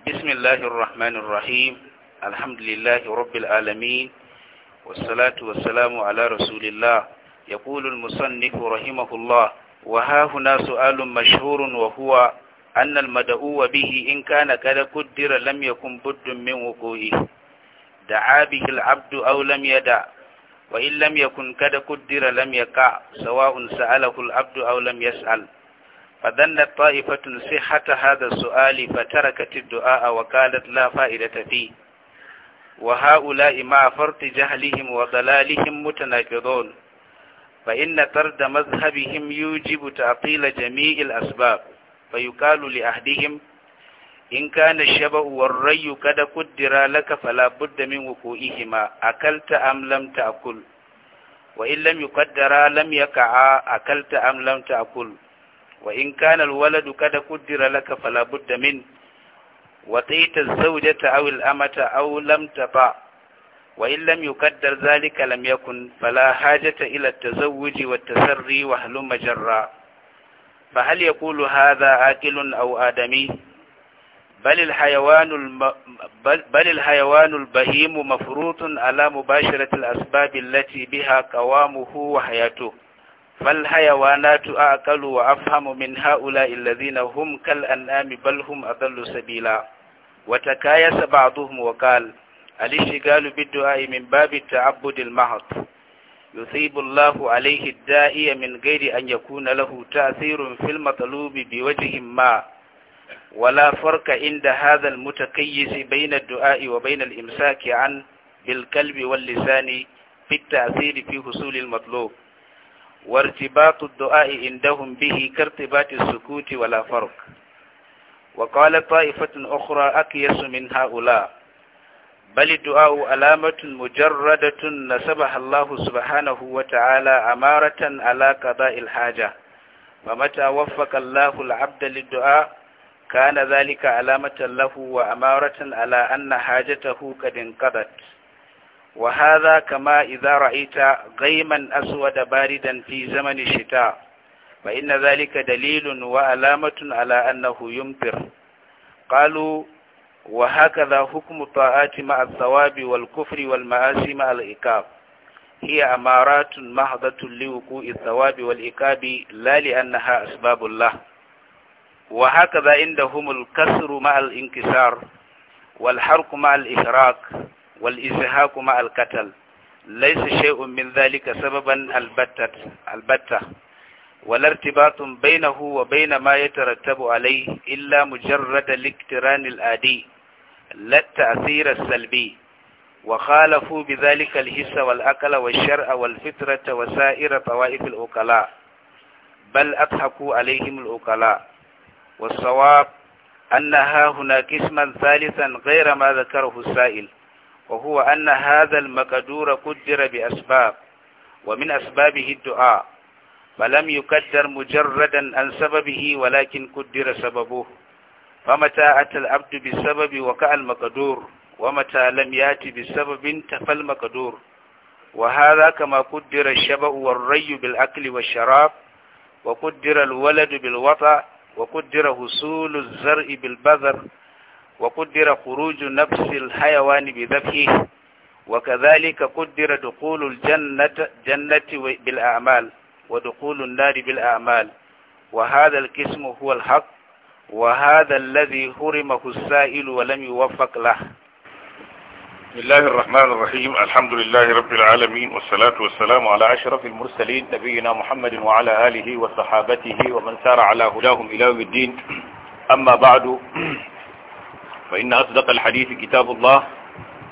بسم الله الرحمن الرحيم الحمد لله رب العالمين والصلاة والسلام على رسول الله يقول المصنف رحمه الله وها هنا سؤال مشهور وهو أن المدعو به إن كان قد قدر لم يكن بد من وقوعه دعا به العبد أو لم يدع وإن لم يكن قد قدر لم يقع سواء سأله العبد أو لم يسأل فذنت طائفة صحة هذا السؤال فتركت الدعاء وقالت لا فائدة فيه وهؤلاء مع فرط جهلهم وضلالهم متناقضون فإن طرد مذهبهم يوجب تعطيل جميع الأسباب فيقال لأهدهم إن كان الشبع والري قد قدر لك فلا بد من وقوعهما أكلت أم لم تأكل وإن لم يقدر لم يقع أكلت أم لم تأكل وإن كان الولد قد قدر لك فلا بد منه وطيت الزوجة أو الأمة أو لم تطع وإن لم يقدر ذلك لم يكن فلا حاجة إلى التزوج والتسري وهلم جرا فهل يقول هذا عاقل أو آدمي بل الحيوان الم... بل... بل الحيوان البهيم مفروط على مباشرة الأسباب التي بها قوامه وحياته فالحيوانات أعقل وأفهم من هؤلاء الذين هم كالأنعام بل هم أضل سبيلا وتكايس بعضهم وقال الاشتغال بالدعاء من باب التعبد المحض يثيب الله عليه الداعي من غير أن يكون له تأثير في المطلوب بوجه ما ولا فرق عند هذا المتكيس بين الدعاء وبين الإمساك عن بالقلب واللسان في التأثير في حصول المطلوب وارتباط الدعاء عندهم به كارتباط السكوت ولا فرق وقال طائفة أخرى أكيس من هؤلاء بل الدعاء علامة مجردة نسبها الله سبحانه وتعالى أمارة على قضاء الحاجة ومتى وفق الله العبد للدعاء كان ذلك علامة له وأمارة على أن حاجته قد انقضت وهذا كما إذا رأيت غيما أسود باردا في زمن الشتاء فإن ذلك دليل وألامة على أنه يمطر قالوا وهكذا حكم الطاعات مع الثواب والكفر والمآسي مع الإكاب هي أمارات محضة لوقوع الثواب والإكاب لا لأنها أسباب الله وهكذا عندهم الكسر مع الانكسار والحرق مع الإشراك والإزهاق مع القتل ليس شيء من ذلك سببا البتة البتة ولا ارتباط بينه وبين ما يترتب عليه إلا مجرد الاقتران الآدي لا التأثير السلبي وخالفوا بذلك الهس والأكل والشرع والفطرة وسائر طوائف الأقلاء بل أضحكوا عليهم الأقلاء والصواب أن ها هناك اسما ثالثا غير ما ذكره السائل وهو أن هذا المقدور قدر بأسباب ومن أسبابه الدعاء فلم يقدر مجردا عن سببه ولكن قدر سببه فمتى أتى العبد بسبب وقع المقدور ومتى لم يأتي بسبب تفى المقدور وهذا كما قدر الشبأ والري بالأكل والشراب وقدر الولد بالوطأ وقدر حصول الزرع بالبذر وقدر خروج نفس الحيوان بذبحه وكذلك قدر دخول الجنة جنة بالأعمال ودخول النار بالأعمال وهذا القسم هو الحق وهذا الذي حرمه السائل ولم يوفق له بسم الله الرحمن الرحيم الحمد لله رب العالمين والصلاة والسلام على أشرف المرسلين نبينا محمد وعلى آله وصحابته ومن سار على هداهم إلى الدين أما بعد فإن أصدق الحديث كتاب الله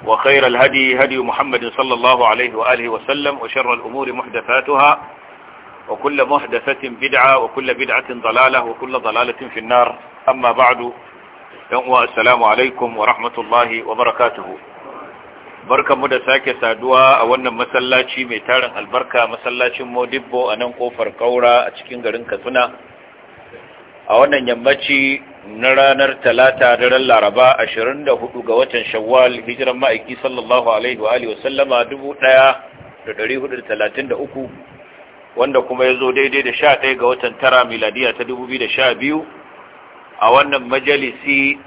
وخير الهدي هدي محمد صلى الله عليه وآله وسلم وشر الأمور محدثاتها وكل محدثة بدعة وكل بدعة ضلالة وكل ضلالة في النار أما بعد السلام عليكم ورحمة الله وبركاته barka mu da sake saduwa a wannan masallaci mai tarin albarka masallacin modibbo a nan kofar kaura a cikin garin katsina a wannan yammaci na ranar talata daren laraba 24 ga watan shawwal hijiran ma'aiki sallallahu alaihi wa alihi wasallama 1433 wanda kuma ya zo daidai da 11 ga watan tara miladiya ta 2012 a wannan majalisi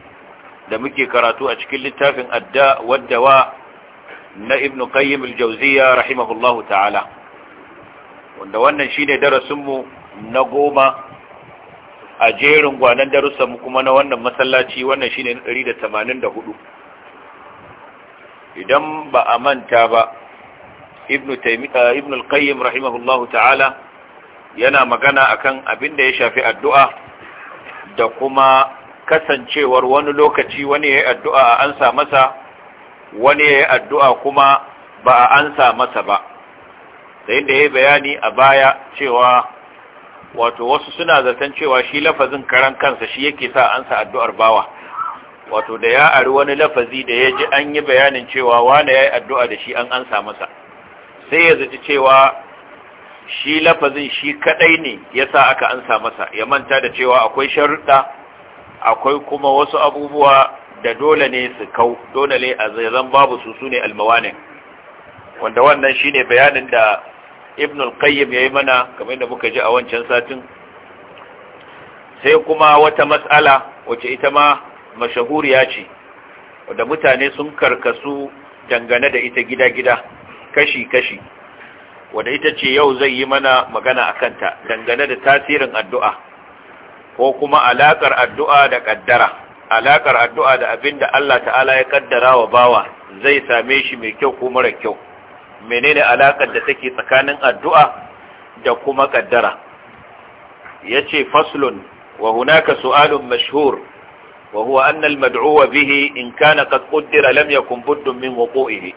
da muke karatu a cikin littafin adda waddawa na ibn qayyim al-jawziya rahimahullahu ta'ala wanda wannan shine darasinmu na goma a jerin gwanan darussanmu kuma na wannan masallaci wannan shine 184 idan ba a manta ba eh, ibnu al-qayyim rahimahullahu ta'ala yana magana akan abin da ya shafi addu'a da kuma kasancewar wani lokaci wani yayi addu'a a ansa masa wani yayi addu'a kuma ba a ansa masa ba Sai da yayi bayani a baya cewa wato wasu suna zaton cewa shi lafazin karan kansa shi yake sa ansa addu'ar bawa wato da ya ari wani lafazi da ya ji an yi bayanin cewa wane ya yi addu'a da shi an ansa masa sai ya zaci cewa shi lafazin shi kadai ne ya sa aka ansa masa ya manta da cewa akwai sharuɗa akwai kuma wasu abubuwa da dole ne su kau dole ne a zai zan babu su su ne almawanin wanda wannan shi ne bayanin da ibn al-qayyim yayi mana kamar da muka ji a wancan satin sai kuma wata mas'ala wacce ita ma mashahuriya ce wanda mutane sun karkasu dangane da ita gida-gida kashi-kashi wanda ita ce yau zai yi mana magana a kanta dangane da tasirin addu'a ko kuma alaƙar addu'a da ƙaddara alaƙar addu'a da abin da Allah ta'ala ya ƙaddara wa bawa zai same shi mai kyau ko mara kyau menene alakar da take tsakanin addu'a da kuma kaddara yace faslun wa hunaka su'alun mashhur wa huwa anna almad'uwa bihi in kana qad qaddara lam yakun buddun min wuqu'ihi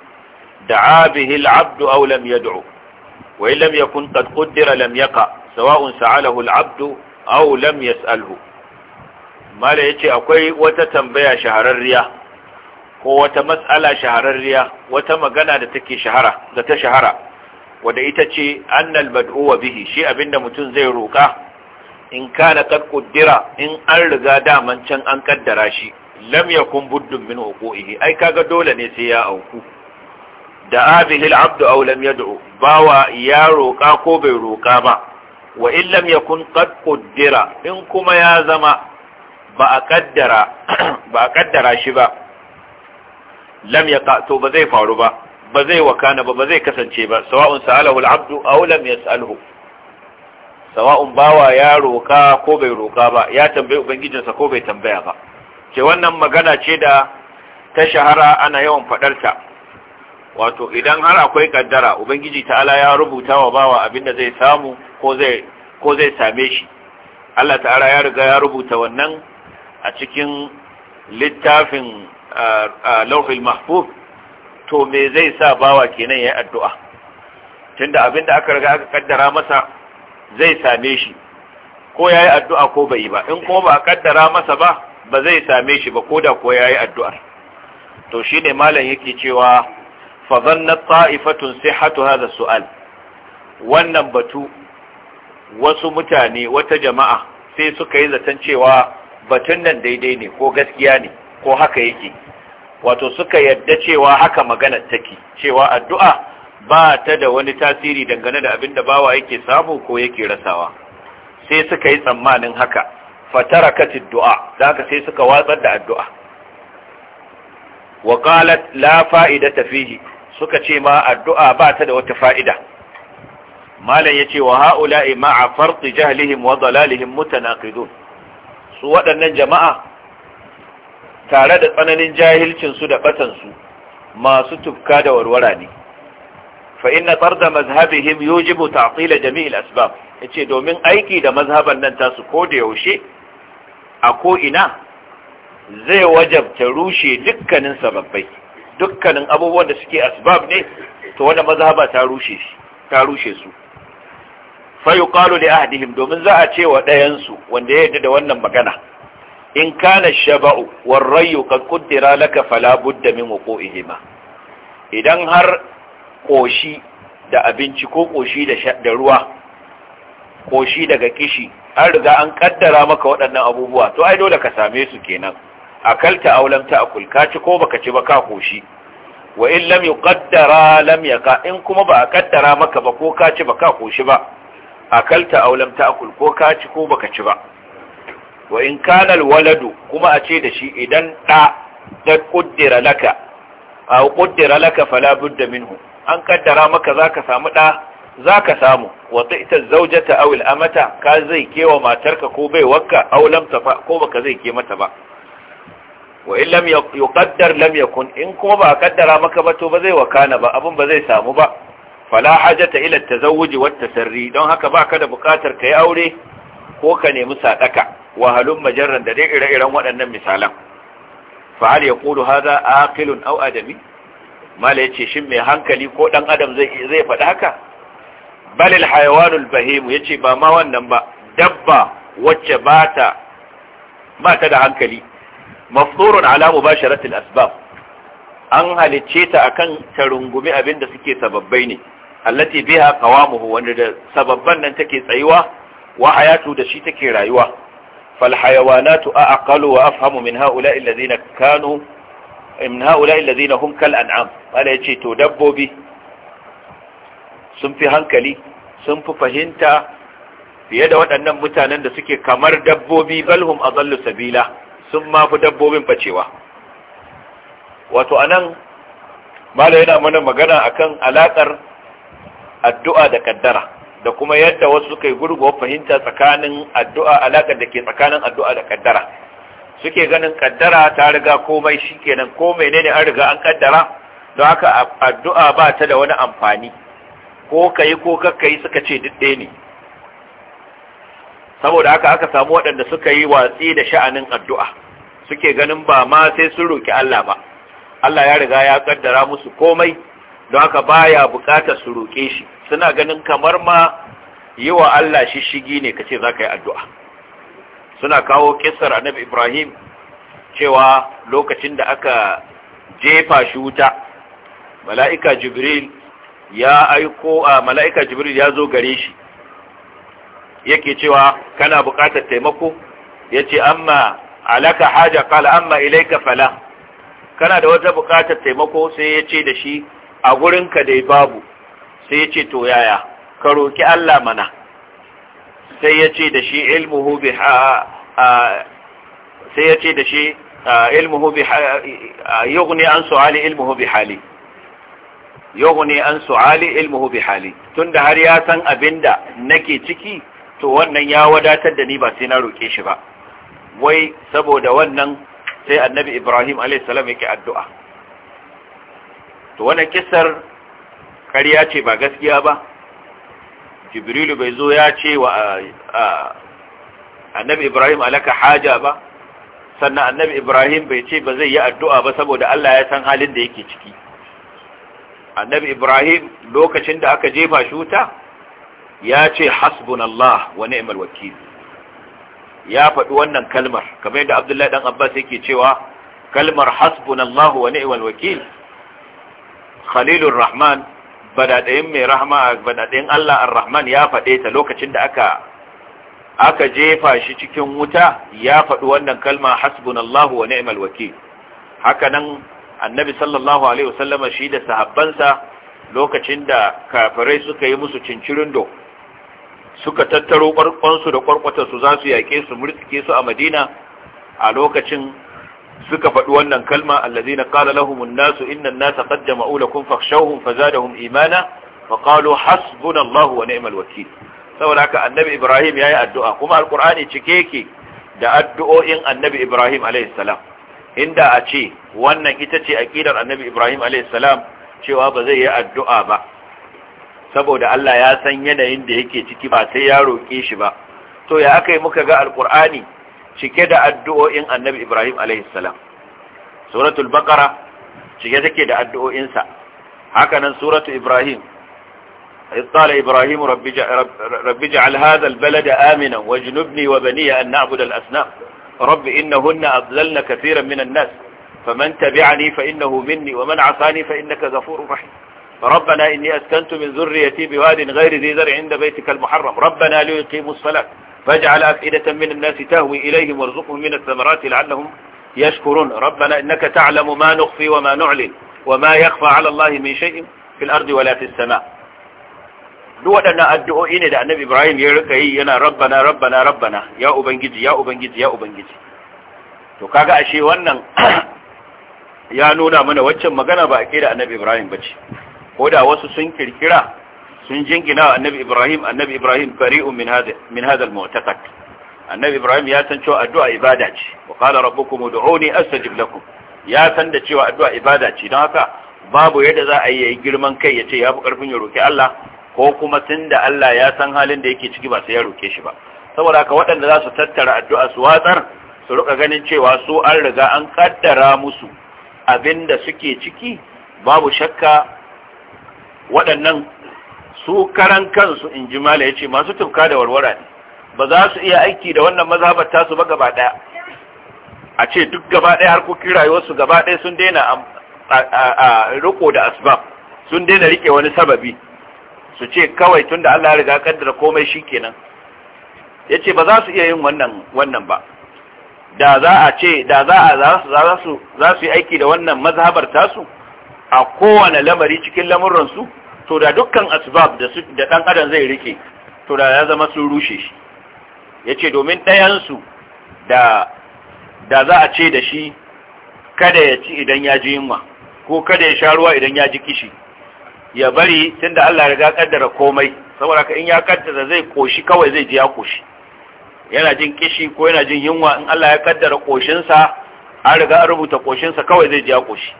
da'a bihi al'abd aw lam yad'u wa illam yakun qad qaddara lam yaqa sawa'un sa'alahu al'abd aw lam yas'alhu mala yace akwai wata tambaya shahararriya ko wata matsala shahararriya wata magana da take shahara da ta shahara wanda ita ce annal mad'uwa bihi shi abinda mutum zai roka in kana qad qaddara in an riga daman can an kaddara shi lam yakun buddun min uquihi ai kaga dole ne sai ya auku da abihi al-abd aw lam yad'u bawa ya roka ko bai roka ba wa in lam yakun qad in kuma ya zama ba a kaddara ba a kaddara shi ba lam yaqa to ba zai faru ba ba zai wakana ba ba zai kasance ba sawa'un sa'alahu al-abdu aw lam yas'alhu sawa'un bawa ya roka ko bai roka ba ya tambaye ubangijinsa ko bai tambaya ba ce wannan magana ce da ta shahara ana yawan faɗarta. wato idan har akwai kaddara ubangiji ta'ala ya rubuta wa bawa abinda zai samu ko zai ko zai same shi Allah ta'ala ya riga ya rubuta wannan a cikin littafin A lauhul mahfuz to me zai sa bawa kenan yayin addu'a tunda abinda aka riga aka kaddara masa zai same shi ko yi addu'a ko bai ba in ko ba kaddara masa ba ba zai same shi ba koda ko yi addu'a to shine malam yake cewa fa zannat ta'ifatun sihhatu hadha su'al wannan batu wasu mutane wata jama'a sai suka yi zaton cewa batun nan daidai ne ko gaskiya ne ko haka yake wato suka yadda cewa haka magana take cewa addu'a ba ta da wani tasiri dangane da abinda da bawa yake samu ko yake rasawa sai suka yi tsammanin haka fatarakat addu'a da haka sai suka watsar da addu'a wa qalat la fa'idata fihi suka ce ma addu'a ba ta da wata fa'ida malam yace wa ha'ula'i ma'a farti jahlihim wa dalalihim mutanaqidun su waɗannan jama'a tare da tsananin jahilcinsu da batansu masu tufka da warwara ne fa inna tarda mazhabihim yujibu ta'til jami'il asbab yace domin aiki da mazhaban nan tasu ko da yaushe a ko ina zai wajabta rushe dukkanin sababbai dukkanin abubuwan da suke asbab ne to wanda mazhaba ta rushe shi ta rushe su fa yuqalu li ahdihim domin za a ce wa ɗayansu wanda ya yarda da wannan magana in kana shaba'u rayu kad kuddira laka fala budda min wuqu'ihima idan har koshi da abinci ko koshi da ruwa koshi daga kishi an riga an kaddara maka waɗannan abubuwa to ai dole ka same su kenan akalta aw lam ta'kul ka ci ko baka ci ba ka koshi wa in lam yuqaddara lam yaka in kuma ba a kaddara maka ba ko ka ci ba ka koshi ba akalta aw lam ta'kul ko ka ci ko baka ci ba wa in kanal waladu kuma a ce da shi idan ɗa da ƙuddira laka a ƙuddira laka fala budda minhu an kaddara maka za ka samu ɗa za ka samu wata ita zaujata awil amata ka zai kewa matarka ko bai wakka aulamta ba ko baka zai ke mata ba wa in lam yuqaddar lam yakun in kuma ba kaddara maka ba to ba zai wakana ba abin ba zai samu ba fala hajata ila tazawuji wat tasarri don haka baka da bukatar kai aure ko ka nemi sadaka wahalun majarran da dai ire-iren waɗannan misalan fa ya yaqulu haza aqilun aw adami mala yace shin mai hankali ko dan adam zai zai faɗa haka Balil al hayawanul bahim yace ba ma wannan ba dabba wacce ba ta ba ta da hankali mafdurun ala mubasharatil asbab an halicce ta akan tarungumi abinda suke sababbai ne allati biha qawamuhu wanda da sababban nan take tsayuwa wa da shi take rayuwa fal hayawanatu aqalu wa a min ha'ula'i alladhina kanu min ha'ula'i alladhina hum kal an'am bala yace to dabbobi sun fi hankali sun fi fahimta fiye da waɗannan mutanen da suke kamar dabbobi balhum azallu sabila sun ma dabbobin bacewa wato anan mala yana mana magana a kan alaƙar addu'a da ƙaddara. da kuma yadda wasu suka yi gurguwa fahimta tsakanin addu'a alaƙar da ke tsakanin addu'a da kaddara suke ganin ƙaddara ta riga komai shikenan ko menene an riga an kaddara don haka addu'a ba ta da wani amfani ko yi ko yi suka ce duk ɗaya ne saboda haka aka samu waɗanda suka yi watsi da sha'anin addu'a suke ganin ba ma sai sun roki Allah ba Allah ya riga ya ƙaddara musu komai don haka baya bukatar su roƙe shi suna ganin kamar ma yi wa Allah shishigi ne kace za ka yi addu'a suna kawo kisar annabi ibrahim cewa lokacin da aka jefa shi wuta mala'ika jibril ya aiko a mala'ika jibril ya zo gare shi yake cewa kana buƙatar taimako ya ce amma alaka haja kala amma ilaika fala kana da wata bukatar taimako sai ya ce da shi a gurinka dai babu sai ya ce to yaya ka roki Allah mana sai ya ce da shi ilmuhu bi sai ya ce da shi ilmuhu bi yughni an su'ali ilmuhu bi hali yughni an su'ali ilmuhu bi hali tunda har ya san abinda nake ciki to wannan ya wadatar da ni ba sai na roke shi ba wai saboda wannan sai annabi Ibrahim alaihi salam yake addu'a to wannan kisar ƙarya ce ba gaskiya ba jibrilu bai zo ya ce wa annabi ibrahim alaka haja ba sannan annabi ibrahim bai ce ba zai yi addu'a ba saboda allah ya san halin da yake ciki annabi ibrahim lokacin da aka jefa shuta ya ce hasbunallah wa ni'mal wakil ya faɗi wannan kalmar kamar yadda abdullahi dan abbas yake cewa kalmar hasbunallah wa ni'mal wakil khalilur rahman badadayin mai rahma badaɗayin Allah ar-rahman ya faɗe ta lokacin da aka aka jefa shi cikin wuta ya faɗi wannan kalma hasbunallahu wa ni'mal wakil haka nan annabi sallallahu alaihi wasallama shi da sahabbansa lokacin da kafirai suka yi musu cincirindo suka tattaro barkonsu da kwarkwatarsu za su yaƙe su murtsike su a madina a lokacin suka faɗi wannan kalma allazina qala lahum an nasu inna an-nasa qad jama'u lakum fakhshawhum fazadahum imana fa qalu hasbunallahu wa ni'mal wakeel saboda haka annabi Ibrahim yayi addu'a kuma alqur'ani cike yake da addu'o'in annabi Ibrahim alayhi salam inda a ce wannan ita ce aqidar annabi Ibrahim alayhi salam cewa ba zai yi addu'a ba saboda Allah ya san yanayin da yake ciki ba sai ya roke shi ba to ya akai muka ga alqur'ani cike da addu'o'in annabi ibrahim salam suratul baqara cike take da addu'o'insa nan suratul ibrahim قال إبراهيم رب جعل, رب جعل هذا البلد آمنا واجنبني وبني أن نعبد الأسنام رب إنهن أضللن كثيرا من الناس فمن تبعني فإنه مني ومن عصاني فإنك غفور رحيم ربنا إني أسكنت من ذريتي بواد غير ذي ذر عند بيتك المحرم ربنا ليقيموا الصلاة فاجعل أفئدة من الناس تهوي إليهم وارزقهم من الثمرات لعلهم يشكرون ربنا إنك تعلم ما نخفي وما نعلن وما يخفى على الله من شيء في الأرض ولا في السماء لو أن أدعو إن دع النبي إبراهيم يركه ينا ربنا ربنا ربنا يا أبنجي يا أبنجي يا أبنجي وكاك أشي وانا يا نونا من وجه مغنى بأكيد النبي إبراهيم بجي ودا وسو سنكر كرا sun jingina annabi Ibrahim annabi Ibrahim bari'u min hada min hada annabi Ibrahim ya san cewa addu'a ibada ce wa qala rabbukum ud'uni astajib lakum ya san da cewa addu'a ibada ce don haka babu yadda za a yi girman kai ya ce ya fi karfin ya roki Allah ko kuma tunda Allah ya san halin da yake ciki ba sai ya roke shi ba saboda haka waɗanda za su tattara addu'a su watsar su rika ganin cewa su an riga an kaddara musu abinda suke ciki babu shakka waɗannan su karan kansu in ji mala ya ce masu tufka da warwara ne ba za su iya aiki da wannan mazhabar tasu ba gaba daya a ce duk gaba ɗaya harkokin rayuwarsu gaba daya sun daina a riko da asbab sun daina rike wani sababi su ce kawai tunda Allah ya riga kaddara komai shikenan yace ba za su iya yin wannan wannan ba da za a ce da za a za su za su yi aiki da wannan mazhabar tasu a kowane lamari cikin lamurransu su to da dukkan asbab da ɗan adam zai rike to da ya zama sun rushe shi ya ce domin ɗayansu da da za a ce da shi kada ya ci idan ya ji yunwa ko kada ya sha ruwa idan ya ji kishi ya bari tunda Allah riga kaddara komai saboda ka in ya kaddara zai koshi kawai zai ji ya koshi yana jin kishi ko yana jin yunwa in Allah ya kaddara koshinsa an riga an rubuta koshinsa kawai zai ji ya koshi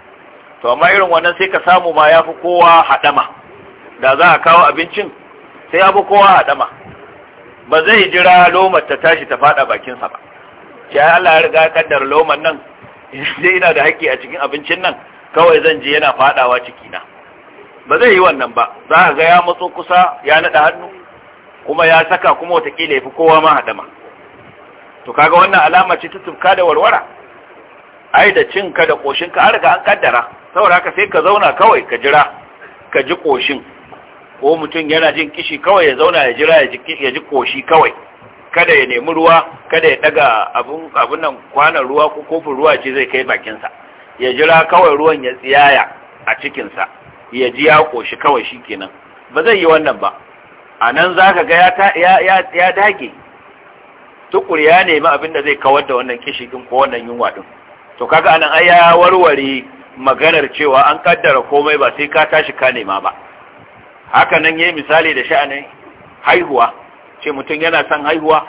to amma irin wannan sai ka samu ma yafi kowa hadama da za a kawo abincin sai ya bi kowa a dama ba zai jira lomar ta tashi ta fada bakinsa ba Ya Allah ya riga kaddar lomar nan sai ina da haƙƙi a cikin abincin nan kawai zan je yana fadawa cikina ba zai yi wannan ba za a ga ya matso kusa ya naɗa hannu kuma ya saka kuma wata ya fi kowa ma hadama to kaga wannan alama ce ta tufka da warwara ai da cinka da koshinka an riga an kaddara saboda haka sai ka zauna kawai ka jira ka ji koshin ko mutum yana jin kishi kawai ya zauna ya jira ya ji koshi kawai kada ya nemi ruwa kada ya daga abun nan kwanan ruwa ko kofin ruwa ce zai kai bakinsa ya jira kawai ruwan ya tsiyaya a cikinsa ya ji ya koshi kawai shi kenan ba zai yi wannan ba a nan za ka ga ya dage tukur ya nemi abin da zai kawar da wannan kishi ɗin ko wannan yunwa ɗin to kaga anan ai ya warware maganar cewa an kaddara komai ba sai ka tashi ka nema ba haka nan yayi misali da sha'anin haihuwa ce mutum yana son haihuwa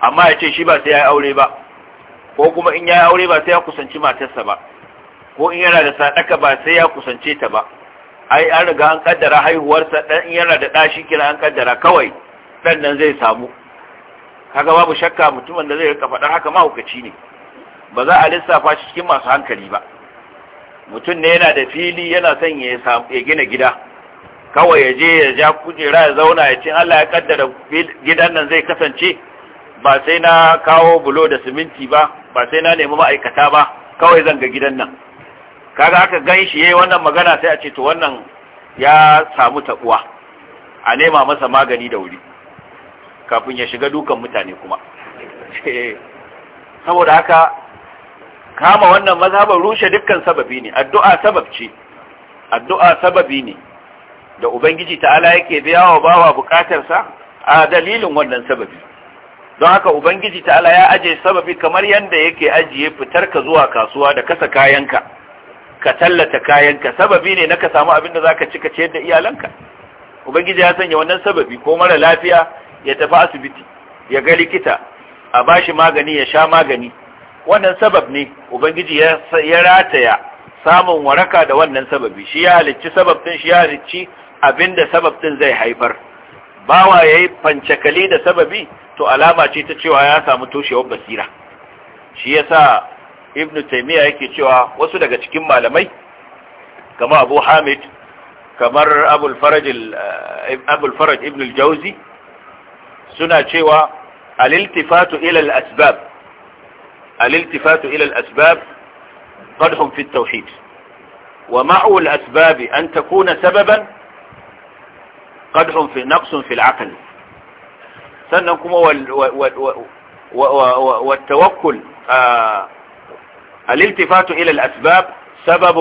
amma ya ce shi ba sai ya yi aure ba ko kuma in ya yi aure ba sai ya kusanci matarsa ba ko in yana da sadaka ba sai ya kusance ta ba ai an riga an kaddara haihuwarsa dan in yana da dashi kira an kaddara kawai dan nan zai samu kaga babu shakka mutumin da zai rika faɗar haka mahaukaci ne ba za a lissafa shi cikin masu hankali ba mutum ne yana da fili yana son ya gina gida kawai ya je ya ja kujera ya zauna ya ce Allah ya kaddara gidan nan zai kasance ba sai na kawo bulo da siminti ba ba sai na nemi ma'aikata ba kawai zan ga gidan nan kaga aka gan shi yayi wannan magana sai a ce to wannan ya samu tabuwa a nema masa magani da wuri kafin ya shiga dukan mutane kuma saboda haka kama wannan mazhabar rushe dukkan sababi ne addu'a sabab ce addu'a sababi ne da ubangiji ta'ala yake biya wa bawa bukatarsa a dalilin wannan sababi don haka ubangiji ta'ala ya aje sababi kamar yadda yake ajiye fitar ka zuwa kasuwa da kasa kayanka ka tallata kayanka sababi ne na ka samu abin da ka ci ka ciyar da iyalanka ubangiji ya sanya wannan sababi ko mara lafiya ya tafi asibiti ya ga likita a bashi magani ya sha magani wannan sabab ne ubangiji ya rataya samun waraka da wannan sababi shi ya halicci sabab shi ya halicci abinda sabab din zai haifar bawa yayi fancakali da sababi to alama ce ta cewa ya samu toshewar basira shi yasa ibnu taymiya yake cewa wasu daga cikin malamai kamar abu hamid kamar abul faraj abul faraj ibn al-jawzi suna cewa al-iltifatu ila al-asbab al-iltifatu ila al-asbab fadhum fi at-tauhid ومعه الأسباب أن تكون سببا qadhun fi naqsun fil aql sannan kuma tawakkul الالتفات إلى الأسباب سبب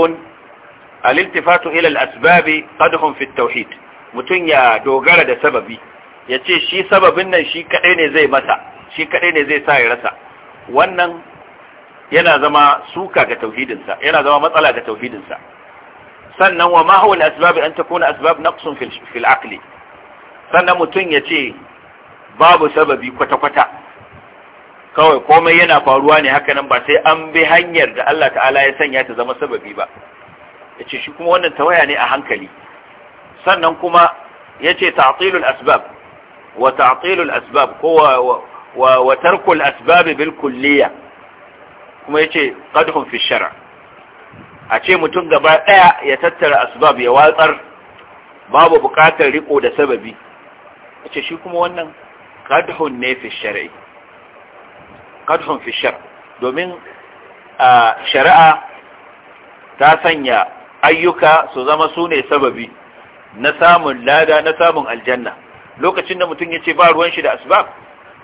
الالتفات إلى الأسباب قدح في التوحيد mutum ya dogara da sababi yace shi sababin nan shi kaɗai ne zai masa shi kaɗai ne zai sa ya rasa wannan yana zama suka ga tauhidinsa yana zama matsala ga tauhidinsa sannan wa ma huwa asbab an takuna asbab naqsun fil fil aqli sannan mutun yace babu sababi kwata kwata kawai komai yana faruwa ne haka nan ba sai an bi hanyar da Allah ta'ala ya sanya ta zama sababi ba yace shi kuma wannan tawaya ne a hankali sannan kuma yace ta'tilul asbab wa ta'tilul asbab ko wa wa tarkul asbab bil kulliyah kuma yace qadhum fi shara' a ce mutum gaba ɗaya ya tattara asbab ya watsar babu buƙatar riko da sababi a ce shi kuma wannan kadhun ne fi shari'i kadhun fi shar domin a shari'a ta sanya ayyuka su zama su ne sababi na samun lada na samun aljanna lokacin da mutum ya ce ba ruwan shi da asbab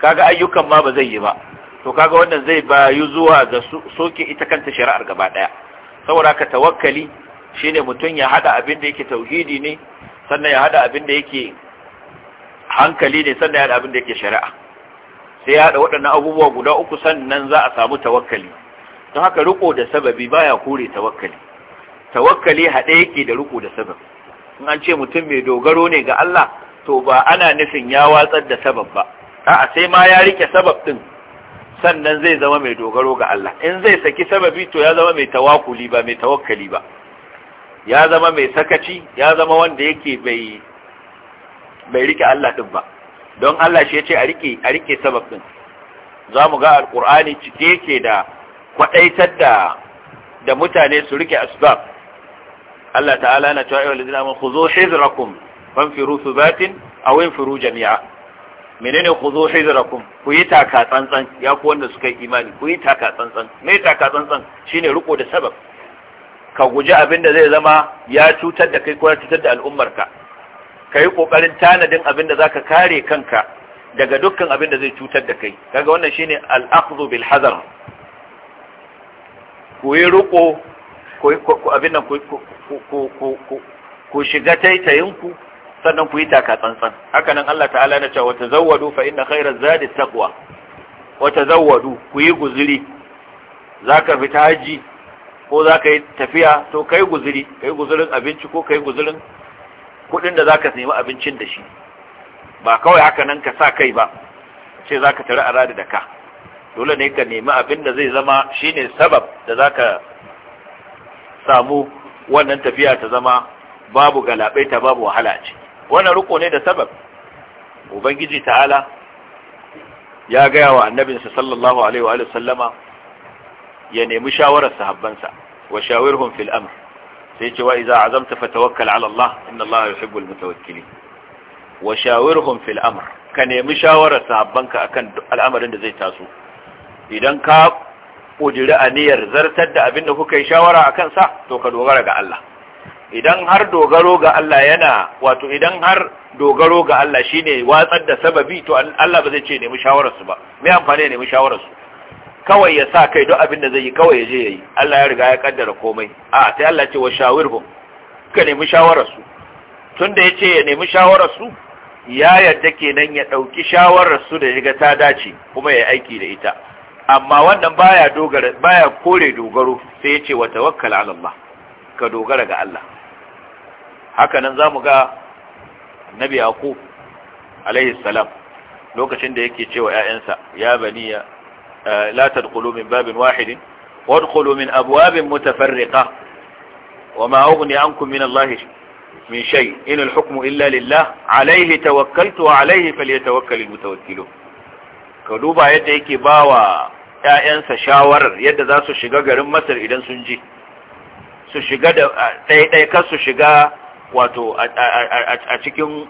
kaga ayyukan ma ba zai yi ba to kaga wannan zai bayu zuwa ga soke ita kanta shari'ar gaba ɗaya saboda ka tawakkali shine mutum ya hada abin da yake tauhidi ne sannan ya hada abin da yake hankali ne sannan ya hada abin da yake shari'a sai ya hada waɗannan abubuwa guda uku sannan za a samu tawakkali don haka riko da sababi baya kore tawakkali tawakkali hade yake da riko da sababi in an ce mutum mai dogaro ne ga Allah to ba ana nufin ya watsar da sabab ba a'a sai ma ya rike sabab din sannan zai zama mai dogaro ga Allah in zai saki sababi to ya zama mai tawakuli ba mai tawakkali ba ya zama mai sakaci ya zama wanda yake bai bai rike Allah din ba don Allah shi ya ce a rike a rike sabab zamu ga alqur'ani cike yake da kwadaitar da da mutane su rike asbab Allah ta'ala na cewa ayyuhal ladina amanu khudhu hizrakum fanfiru thubatin aw infiru jami'a menene ku zo kun? ku yi taka tsantsan ya ku wanda suka yi imani ku yi taka tsantsan me taka tsantsan shine riko da sabab ka guji abin da zai zama ya cutar da kai ko ya cutar da al'ummarka ka yi kokarin tanadin abin da zaka kare kanka daga dukkan abin da zai cutar da kai kaga wannan shine al-akhdhu bil hazar ku yi riko ku abin nan ku ku ku ku shiga taitayinku sannan ku yi taka tsantsan haka nan Allah ta'ala na cewa tazawwadu fa inna khayra zadi taqwa wata tazawwadu ku yi guzuri zaka fita haji ko zaka yi tafiya to kai guziri. kai guzurin abinci ko kai guzurin kudin da zaka sayi abincin da shi ba kawai haka nan ka sa kai ba ce zaka tare a da ka dole ne ka nemi abin da zai zama shine sabab da zaka samu wannan tafiya ta zama babu galabaita babu wahala ce wannan riko ne da sabab ubangiji ta'ala ya gaya wa annabinsa sallallahu alaihi wa sallama ya nemi shawarar sahabbansa wa shawirhum fil amr sai ce idza azamta fatawakkal ala Allah inna Allah yuhibbul mutawakkilin wa shawirhum fil amr ka nemi shawarar sahabbanka akan al'amarin da zai taso idan ka kudiri aniyar zartar da abin da kuka yi shawara akan sa to ka dogara ga Allah idan har dogaro ga Allah yana wato idan har dogaro ga Allah shine watsar da sababi to Allah ba zai ce nemi shawarar ba me amfani ya nemi shawarar kawai ya sa kai duk abin da zai yi kawai ya je yayi Allah ya riga ya kaddara komai a sai Allah ce wa shawirhum ka nemi shawarar su tunda yace ya nemi shawarar su ya yadda kenan ya dauki shawararsu da ya ga ta dace kuma ya aiki da ita amma wannan baya dogara baya kore dogaro sai yace wa tawakkal ala Allah ka dogara ga Allah hakanan za mu ga annabi Aku alaihi salam lokacin da yake cewa 'ya'yansa ya baniya eh, la tadkhulu min babin wahidin wadkhulu min abwabin Wa wama ughni an kumin Allah min shay in al-hukmu illa lillah alayhi tawakkaltu wa alayhi falyatawakkalul mutawakkilun ka duba yadda yake bawa ‘ya'yansa shawarar yadda za su shiga garin Masar idan sun ji, su shiga da eh, ɗaiɗaikar su shiga wato a cikin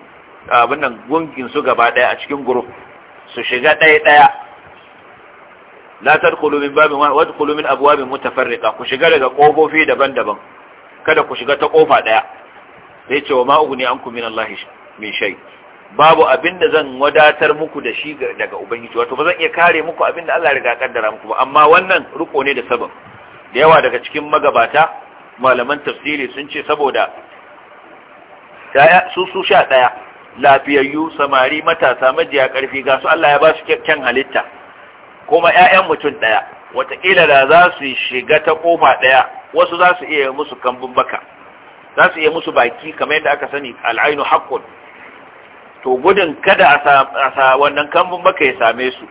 abin nan gungin su gaba daya a cikin group su shiga daya daya la tadkhulu min babin wa tadkhulu min abwabin mutafarriqa ku shiga daga kofofi daban-daban kada ku shiga ta kofa daya sai ce wa ma ugni ankum min Allah min shay babu abin da zan wadatar muku da shi daga ubangiji wato ba zan iya kare muku abin da Allah riga kaddara muku ba amma wannan riko ne da sabab da yawa daga cikin magabata malaman tafsiri sun ce saboda su su sha ɗaya lafiyayyu samari matasa majiya ƙarfi ga su Allah ya ba su kyakkyan halitta kuma 'ya'yan mutum ɗaya wataƙila da za su shiga ta ƙofa ɗaya wasu za su iya musu kambun baka za su iya musu baki kamar yadda aka sani al'ainu haƙƙun to gudun kada a sa wannan kambun baka ya same su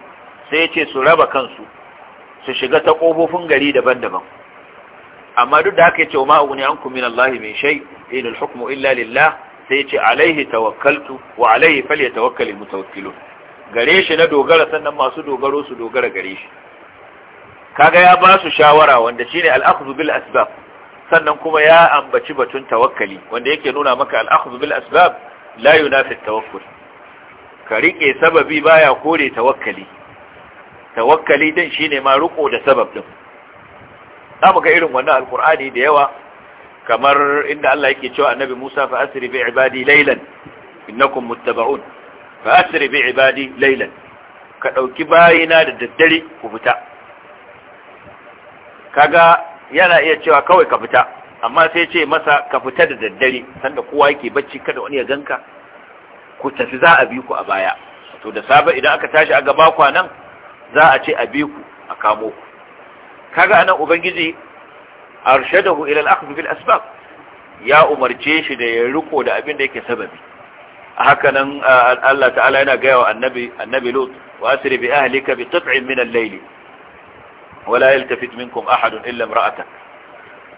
sai ce su raba kansu su shiga ta ƙofofin gari daban-daban amma duk da aka ya ce wa wani an min Allah mai shai inul hukmu illa lillah sai ce alaihi tawakkaltu wa alaihi falyatawakkalul mutawakkilun gare shi na dogara sannan masu dogaro su dogara gare shi kaga ya ba su shawara wanda shine al-akhdhu bil asbab sannan kuma ya ambaci batun tawakkali wanda yake nuna maka al-akhdhu bil asbab la yunafi tawakkul ka rike sababi baya kore tawakkali tawakkali din shine ma ruko da sabab din zamu ga irin wannan alqur'ani da yawa kamar inda Allah yake cewa annabi Musa fa asri bi ibadi laylan innakum muttaba'un fa asri bi ibadi laylan ka dauki bayina da daddare ku fita kaga yana iya cewa kawai ka fita amma sai ce masa ka fita da daddare sanda kowa yake bacci kada wani ya ganka ku tafi za a bi ku a baya to da saba idan aka tashi a gaba kwanan za a ce a bi ku a kamo ku kaga anan ubangiji arshadahu ila al-akhdh bil asbab ya umarce shi da ya riko da abin da yake sababi haka nan Allah ta'ala yana gaya wa annabi annabi lut wa asri bi ahlika bi qit'in min al-layl wa la yaltafit minkum ahad illa imra'atak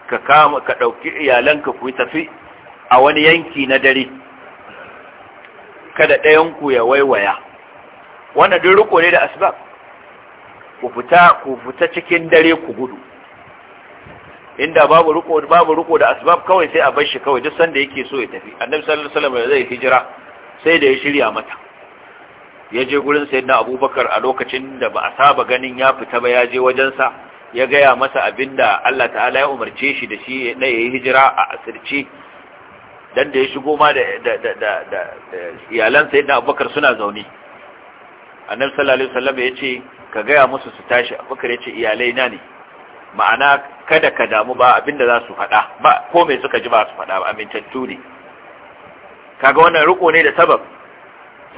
ka kama ka dauki iyalanka ku tafi a wani yanki na dare kada ɗayan ku ya waiwaya wannan duk riko ne da asbab ku fita ku fita cikin dare ku gudu inda babu riko babu riko da asbab kawai sai a bar shi kawai duk sanda yake so ya tafi annabi sallallahu alaihi wasallam zai hijira sai da ya shirya mata ya je gurin sayyidina abubakar a lokacin da ba a saba ganin ya fita ba ya je wajensa ya gaya masa abinda Allah ta'ala ya umarce shi da shi na yayi hijira a asirce dan da ya shigo ma da da da da iyalan sayyidina abubakar suna zaune annabi sallallahu alaihi wasallam ya ce ka gaya musu su tashi abubakar ya ce iyalai na ne ma'ana kada ka damu ba abinda za su faɗa ba ko mai suka ji ba su faɗa ba amintattu ne kaga wannan riko ne da sabab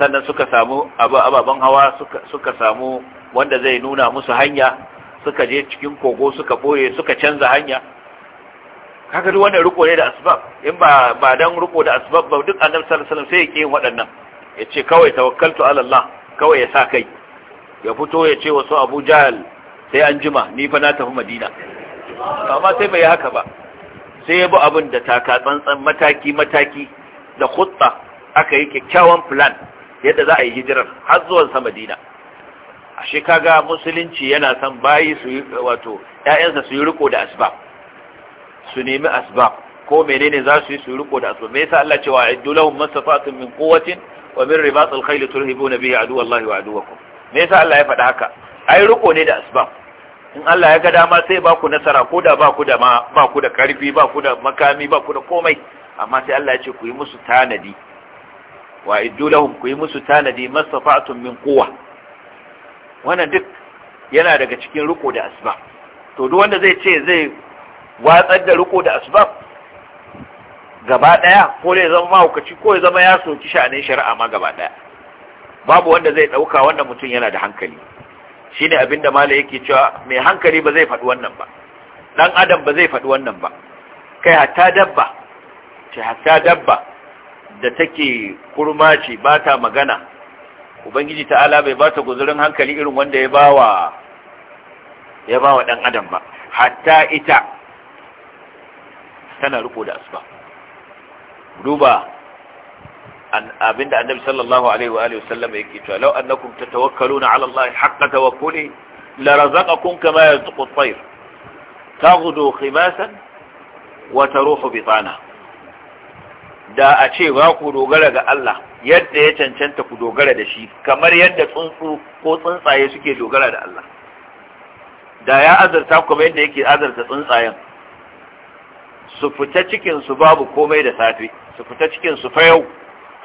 sannan suka samu ababen hawa suka samu wanda zai nuna musu hanya suka je cikin kogo suka boye suka canza hanya kaga duk wannan riko ne da asbab in ba ba dan riko da asbab ba duk annabi sallallahu alaihi wasallam sai ya waɗannan yace kawai tawakkaltu ala Allah kawai ya sa kai ya fito ya ce wasu Abu Jahl sai an jima ni fa na tafi madina amma sai bai haka ba sai ya bi abin da ka tsantsan mataki mataki da khutsa aka yi kyakkyawan plan yadda za a yi hijirar har zuwan sa madina ashe kaga musulunci yana son bayi su wato ƴaƴansa su yi riko da asbab su nemi asbab ko menene za su yi su riko da asbab me yasa Allah cewa iddu lahum masafatun min quwwatin wa min ribatil khayl turhibuna bihi aduwallahi wa aduwakum me yasa Allah ya faɗa haka ai riko ne da asbab in Allah ya ga dama sai ba ku nasara ko da ba ku da ma ba ku da karfi ba ku da makami ba ku da komai amma sai Allah ya ce ku yi musu tanadi wa idulahum ku yi musu tanadi mastafa'tum min quwa wannan duk yana daga cikin riko da asbab to duk wanda zai ce zai watsar da riko da asbab gaba daya ko ya zama mahaukaci ko ya zama ya soki sha'anin shari'a ma gaba daya babu wanda zai dauka wanda mutum yana da hankali Shi ne abinda mala yake cewa mai hankali ba zai faɗi wannan ba Ɗan adam ba zai faɗi wannan ba kai hatta dabba ce hatta dabba da take kurma ce ba ta magana ubangiji ta'ala bai ba ta guzurin hankali irin wanda ya bawa ya bawa ɗan adam ba hatta ita tana riko da asuba. duba abinda annabi sallallahu alaihi wa alihi wasallam yake cewa law annakum tatawakkaluna ala Allah haqqa tawakkuli la razaqakum kama yarzuqu at-tayr taghdu khimasan wa taruhu bitana da a ce ba ku dogara ga Allah yadda ya cancanta ku dogara da shi kamar yadda tsuntsu ko tsuntsaye suke dogara da Allah da ya azarta kuma yadda yake azarta tsuntsayen su fita cikin su babu komai da safe su fita cikin su fa yau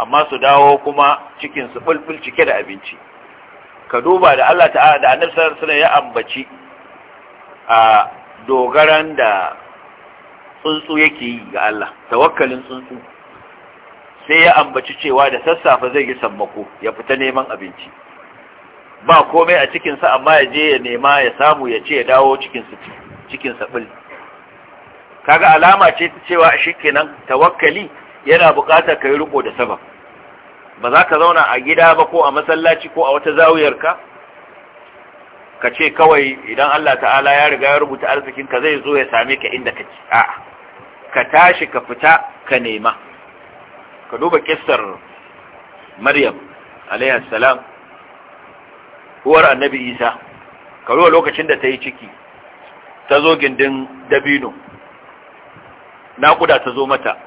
amma su dawo kuma cikin su fulful cike da abinci ka duba da Allah ta'ala da annabi sallallahu alaihi wasallam ya ambaci a dogaran da tsuntsu yake yi ga Allah tawakkalin tsuntsu sai ya ambaci cewa da sassafe zai yi sammako ya fita neman abinci ba komai a cikinsa amma ya je ya nema ya samu ya ce ya dawo cikin saɓil kaga alama ce ta cewa shikenan kenan tawakkali yana buƙatar ka yi riko da sabab ba za ka zauna a gida ba ko a masallaci ko a wata zawiyarka ka ce kawai idan Allah ta'ala ya riga ya rubuta arzikin ka zai zo ya same ka inda ka ci a ka tashi ka fita ka nema ka duba kissar maryam alaihi salam uwar annabi isa ka duba lokacin da ta yi ciki ta zo gindin dabino naƙuda ta zo mata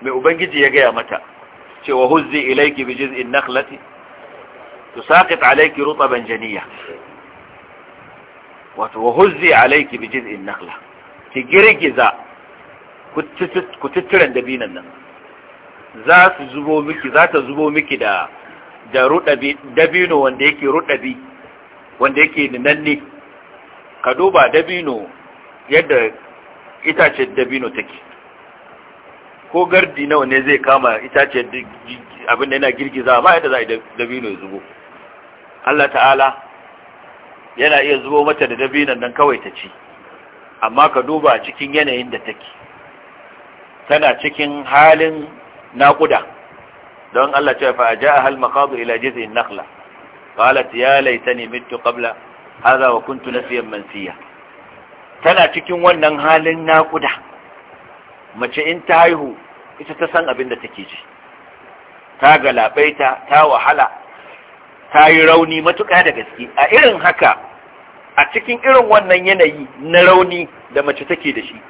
mai ubangiji ya gaya mata cewa huzzi ilayki bi jiz'in nakhlati tusaqit alayki rutban janiya wato wa huzzi alayki bi jiz'in nakhla ki girgiza ku tutturan dabinan nan za su zubo miki za ta zubo miki da da rudabi dabino wanda yake rudabi wanda yake nanne ka duba dabino yadda itacen dabino take ko gardi nawa ne zai kama itace abin da yana girgiza ba yadda za a yi dabino ya zubo Allah ta'ala yana iya zubo mata da dabinan nan kawai ta ci amma ka duba cikin yanayin da take tana cikin halin naƙuda don Allah ce fa ja'a hal maqadu ila jiz'in nakhla qalat ya laitani mittu qabla hadha wa kuntu nasiyan mansiya tana cikin wannan halin naƙuda mace in ta haihu ita ta san abin da take ji ta galabaita ta wahala ta yi rauni matuƙa da gaske a irin haka a cikin irin wannan yanayi na rauni da mace take da shi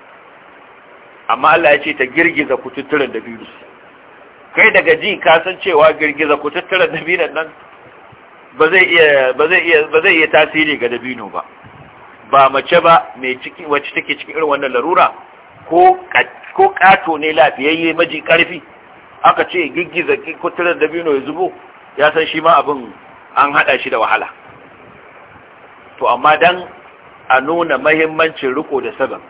amma Allah ya ce ta girgiza kututturen da virus kai daga ji ka san cewa girgiza kututturen da virus nan ba zai iya tasiri ga dabino ba ba mace ba mai ciki wacce take cikin irin wannan larura ko ƙato ne lafiyayye maji ƙarfi aka ce giggiza kuturar dabino ya zubo ya san shi ma abin an haɗa shi da wahala to amma dan a nuna mahimmancin riko da sabon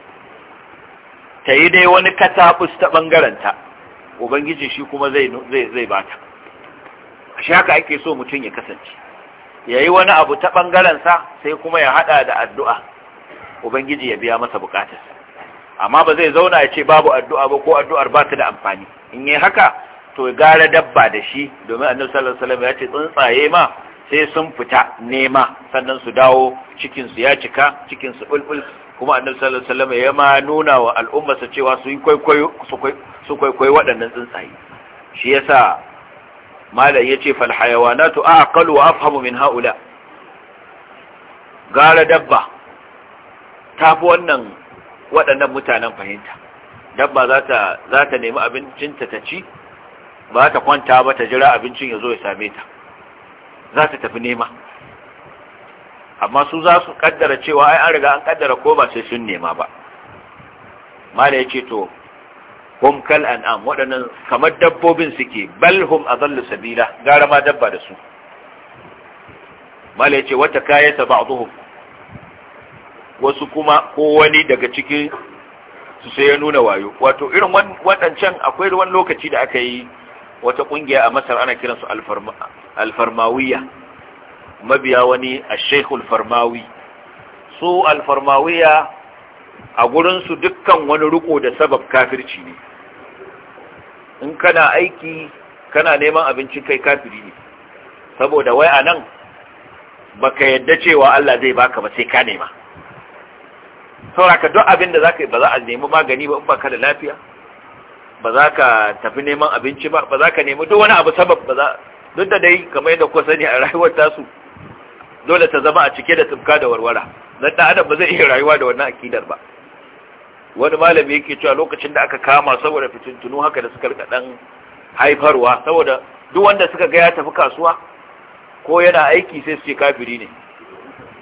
ta yi dai wani katabus ta ɓangaranta ubangiji shi kuma zai bata shi haka ake so mutum ya kasance ya yi wani abu ta sa sai kuma ya haɗa da addu'a ubangiji ya biya masa bukatarsa amma ba zai zauna ya ce babu addu'a ba ko addu'ar ba ta da amfani in yi haka to gara dabba da shi domin annabi sallallahu alaihi wasallam ya ce tsuntsaye ma sai sun fita nema sannan su dawo cikin su ya cika cikin su bulbul kuma annabi sallallahu alaihi wasallam ya ma nuna wa al'ummarsa cewa su yi kwaikwayo su kwaikwayo waɗannan tsuntsaye shi yasa malam yace fal hayawanatu aqalu wa afhamu min haula gara dabba tafi wannan waɗannan mutanen fahimta dabba za ta nemi abincinta ta ci ba ta kwanta ba ta jira abincin ya zo ya same ta za ta tafi nema amma su za su kaddara cewa ai an riga an kaddara ko ba sai sun nema ba mala ya ce to hum kal an'am waɗannan kamar dabbobin suke bal hum adallu sabila gara ma dabba da su mala ya ce wata kayata ba'dhum wasu kuma ko wani daga ciki su sai ya nuna wayo wato irin waɗancan akwai wani lokaci da aka yi wata ƙungiya a masar ana kiransu alfarmawiya mabiya wani a shekul farmawi su alfarmawiya a gurinsu dukkan wani riko da sabab kafirci ne in kana aiki kana neman abincin kai kafiri ne saboda wai a nan baka yadda cewa Allah zai baka ba sai ka nema sauraka duk abin da zaka yi ba za a nemi magani ba in ba ka da lafiya ba za ka tafi neman abinci ba ba za ka nemi duk wani abu sabab ba za duk da dai kamar yadda ku sani a rayuwar tasu dole ta zama a cike da tufka da warwara dan da adam ba zai iya rayuwa da wannan akidar ba wani malami yake cewa lokacin da aka kama saboda fitintunu haka da suka rika dan haifarwa saboda duk wanda suka ga ya tafi kasuwa ko yana aiki sai su ce kafiri ne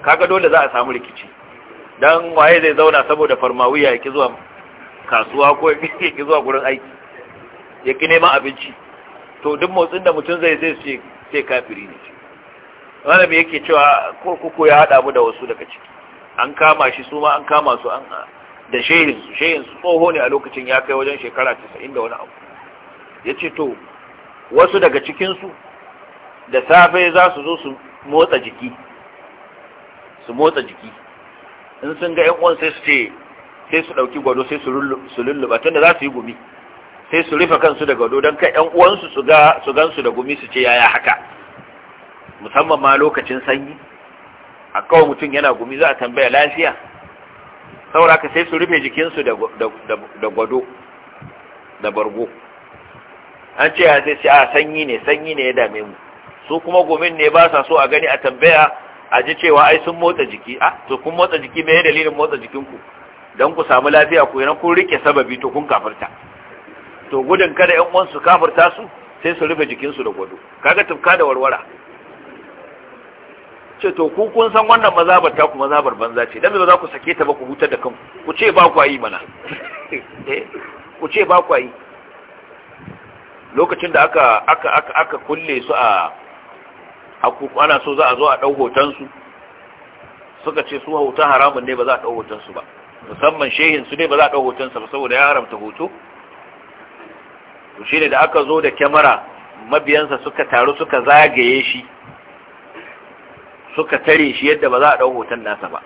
kaga dole za a samu rikici dan waye zai zauna saboda farmawiya yake zuwa kasuwa ko yake zuwa gurin aiki yake neman abinci to duk motsin da mutum zai zai ce sai kafiri ne malami yake cewa ko kuku ya hada mu da wasu daga ciki an kama shi su ma an kama su an da shehin su shehin su tsoho ne a lokacin ya kai wajen shekara casa'in da wani abu Ya ce to wasu daga cikin su da safe za su zo su motsa jiki su motsa jiki in sun ga yan uwan sai su ce sai su dauki gwado sai su lulluba tunda za su yi gumi sai su rufe kansu da gwado don kai yan uwansu su ga su gansu da gumi su ce yaya haka musamman ma lokacin sanyi a kawai mutum yana gumi za a tambaya lafiya saboda ka sai su rufe jikinsu da gwado da bargo an ce ya sai a sanyi ne sanyi ne ya dame mu su kuma gumin ne ba sa so a gani a tambaya a ji cewa ai sun motsa jiki a ah, to kun motsa jiki me dalilin motsa jikinku don ku samu lafiya ku yana kun rike sababi to kun kafirta to gudun kada ƴan uwan su kafirta su sai su rufe jikinsu da gwado kaga tufka da warwara ce to ku kun san wannan mazabar ta ku mazabar banza ce dan ba za ku sake ta ba ku hutar da kanku ku ce ba ku yi mana eh, ku ce ba ku yi lokacin da aka aka aka aka kulle su a ana so za a zo a ɗau hotonsu suka ce su hoton haramun ne ba za a ɗau hotonsu ba musamman shehinsu ne ba za a ɗau ba saboda ya haramta hoto to shi ne da aka zo da kyamara mabiyansa suka taru suka zagaye shi suka tare shi yadda ba za a ɗau hoton nasa ba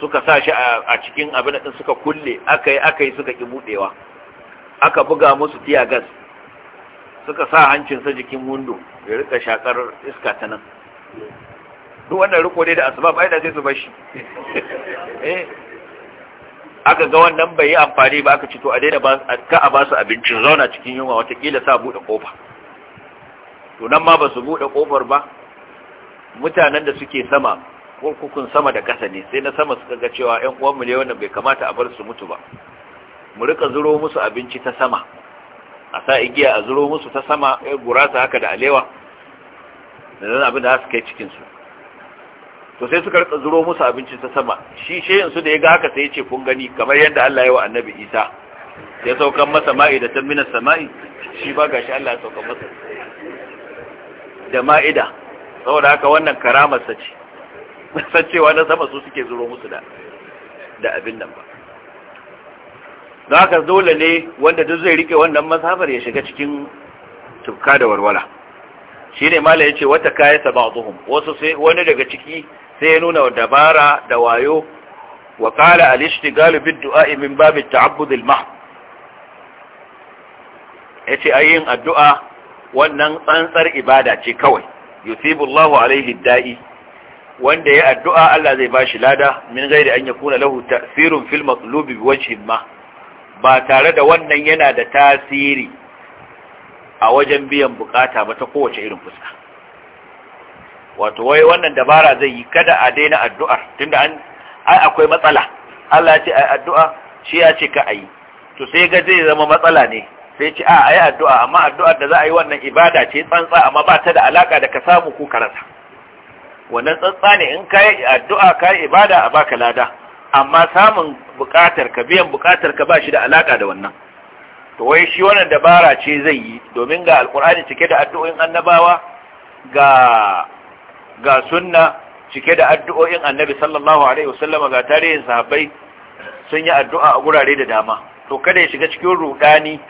suka sa shi a cikin abin da suka kulle aka yi aka yi suka ki buɗewa aka buga musu tiyagas. gas suka sa hancinsa jikin wundo ya rika shakar iska ta nan duk wannan riko dai da asibab ai da sai su eh aka ga wannan bai yi amfani ba aka ci to a daina ba ka a ba su abincin zauna cikin yunwa watakila sa buɗe ƙofa to nan ma ba su buɗe kofar ba mutanen da suke sama kurkukun sama da ƙasa ne sai na sama suka ga cewa 'yan uwan ne bai kamata a bar su mutu ba mu rika zuro musu abinci ta sama a sa igiya a zuro musu ta sama ya eh, gurasa haka da alewa da zan abin da haka kai cikinsu to sai suka rika zuro musu abinci ta sama shi shayinsu da ya ga haka sai ya ce kun gani kamar yadda Allah ya wa annabi isa ya saukan masa ma'ida ta minas sama'i shi ba gashi Allah ya saukan masa da ma'ida saboda haka wannan karamar sace san cewa na sama su suke zuro musu da da abin nan ba za ka dole ne wanda duk zai rike wannan mazhabar ya shiga cikin tufka da warwala shi ne mala ya ce wata kayan sabazuhun wasu wani daga ciki sai ya nuna dabara da wayo wa kala alishti galibin du'a min babin ta'abbudul ma ya ce ayin addu'a wannan tsantsar ibada ce kawai yusibullahu alaihi da'i wanda ya addu'a Allah zai ba shi lada min gaida an yakuna lahu ta'sirun fil matlubi bi wajhin ma ba tare da wannan yana da tasiri a wajen biyan bukata ba ta kowace irin fuska wato wai wannan dabara zai yi kada a daina addu'ar tunda an ai akwai matsala Allah ya ce ai addu'a shi ya ce ka ayi to sai ga zai zama matsala ne sai ce a ayi addu'a amma addu'ar da za a yi wannan ibada ce tsantsa amma ba ta da alaka da ka samu ko ka rasa wannan tsantsa ne in ka addu'a ka ibada a baka lada amma samun bukatar ka biyan bukatar ka ba shi da alaka da wannan to wai shi wannan dabara ce zai yi domin ga alkur'ani cike da addu'o'in annabawa ga ga sunna cike da addu'o'in annabi sallallahu alaihi wasallam ga tarihin sahabbai sun yi addu'a a gurare da dama to kada ya shiga cikin rudani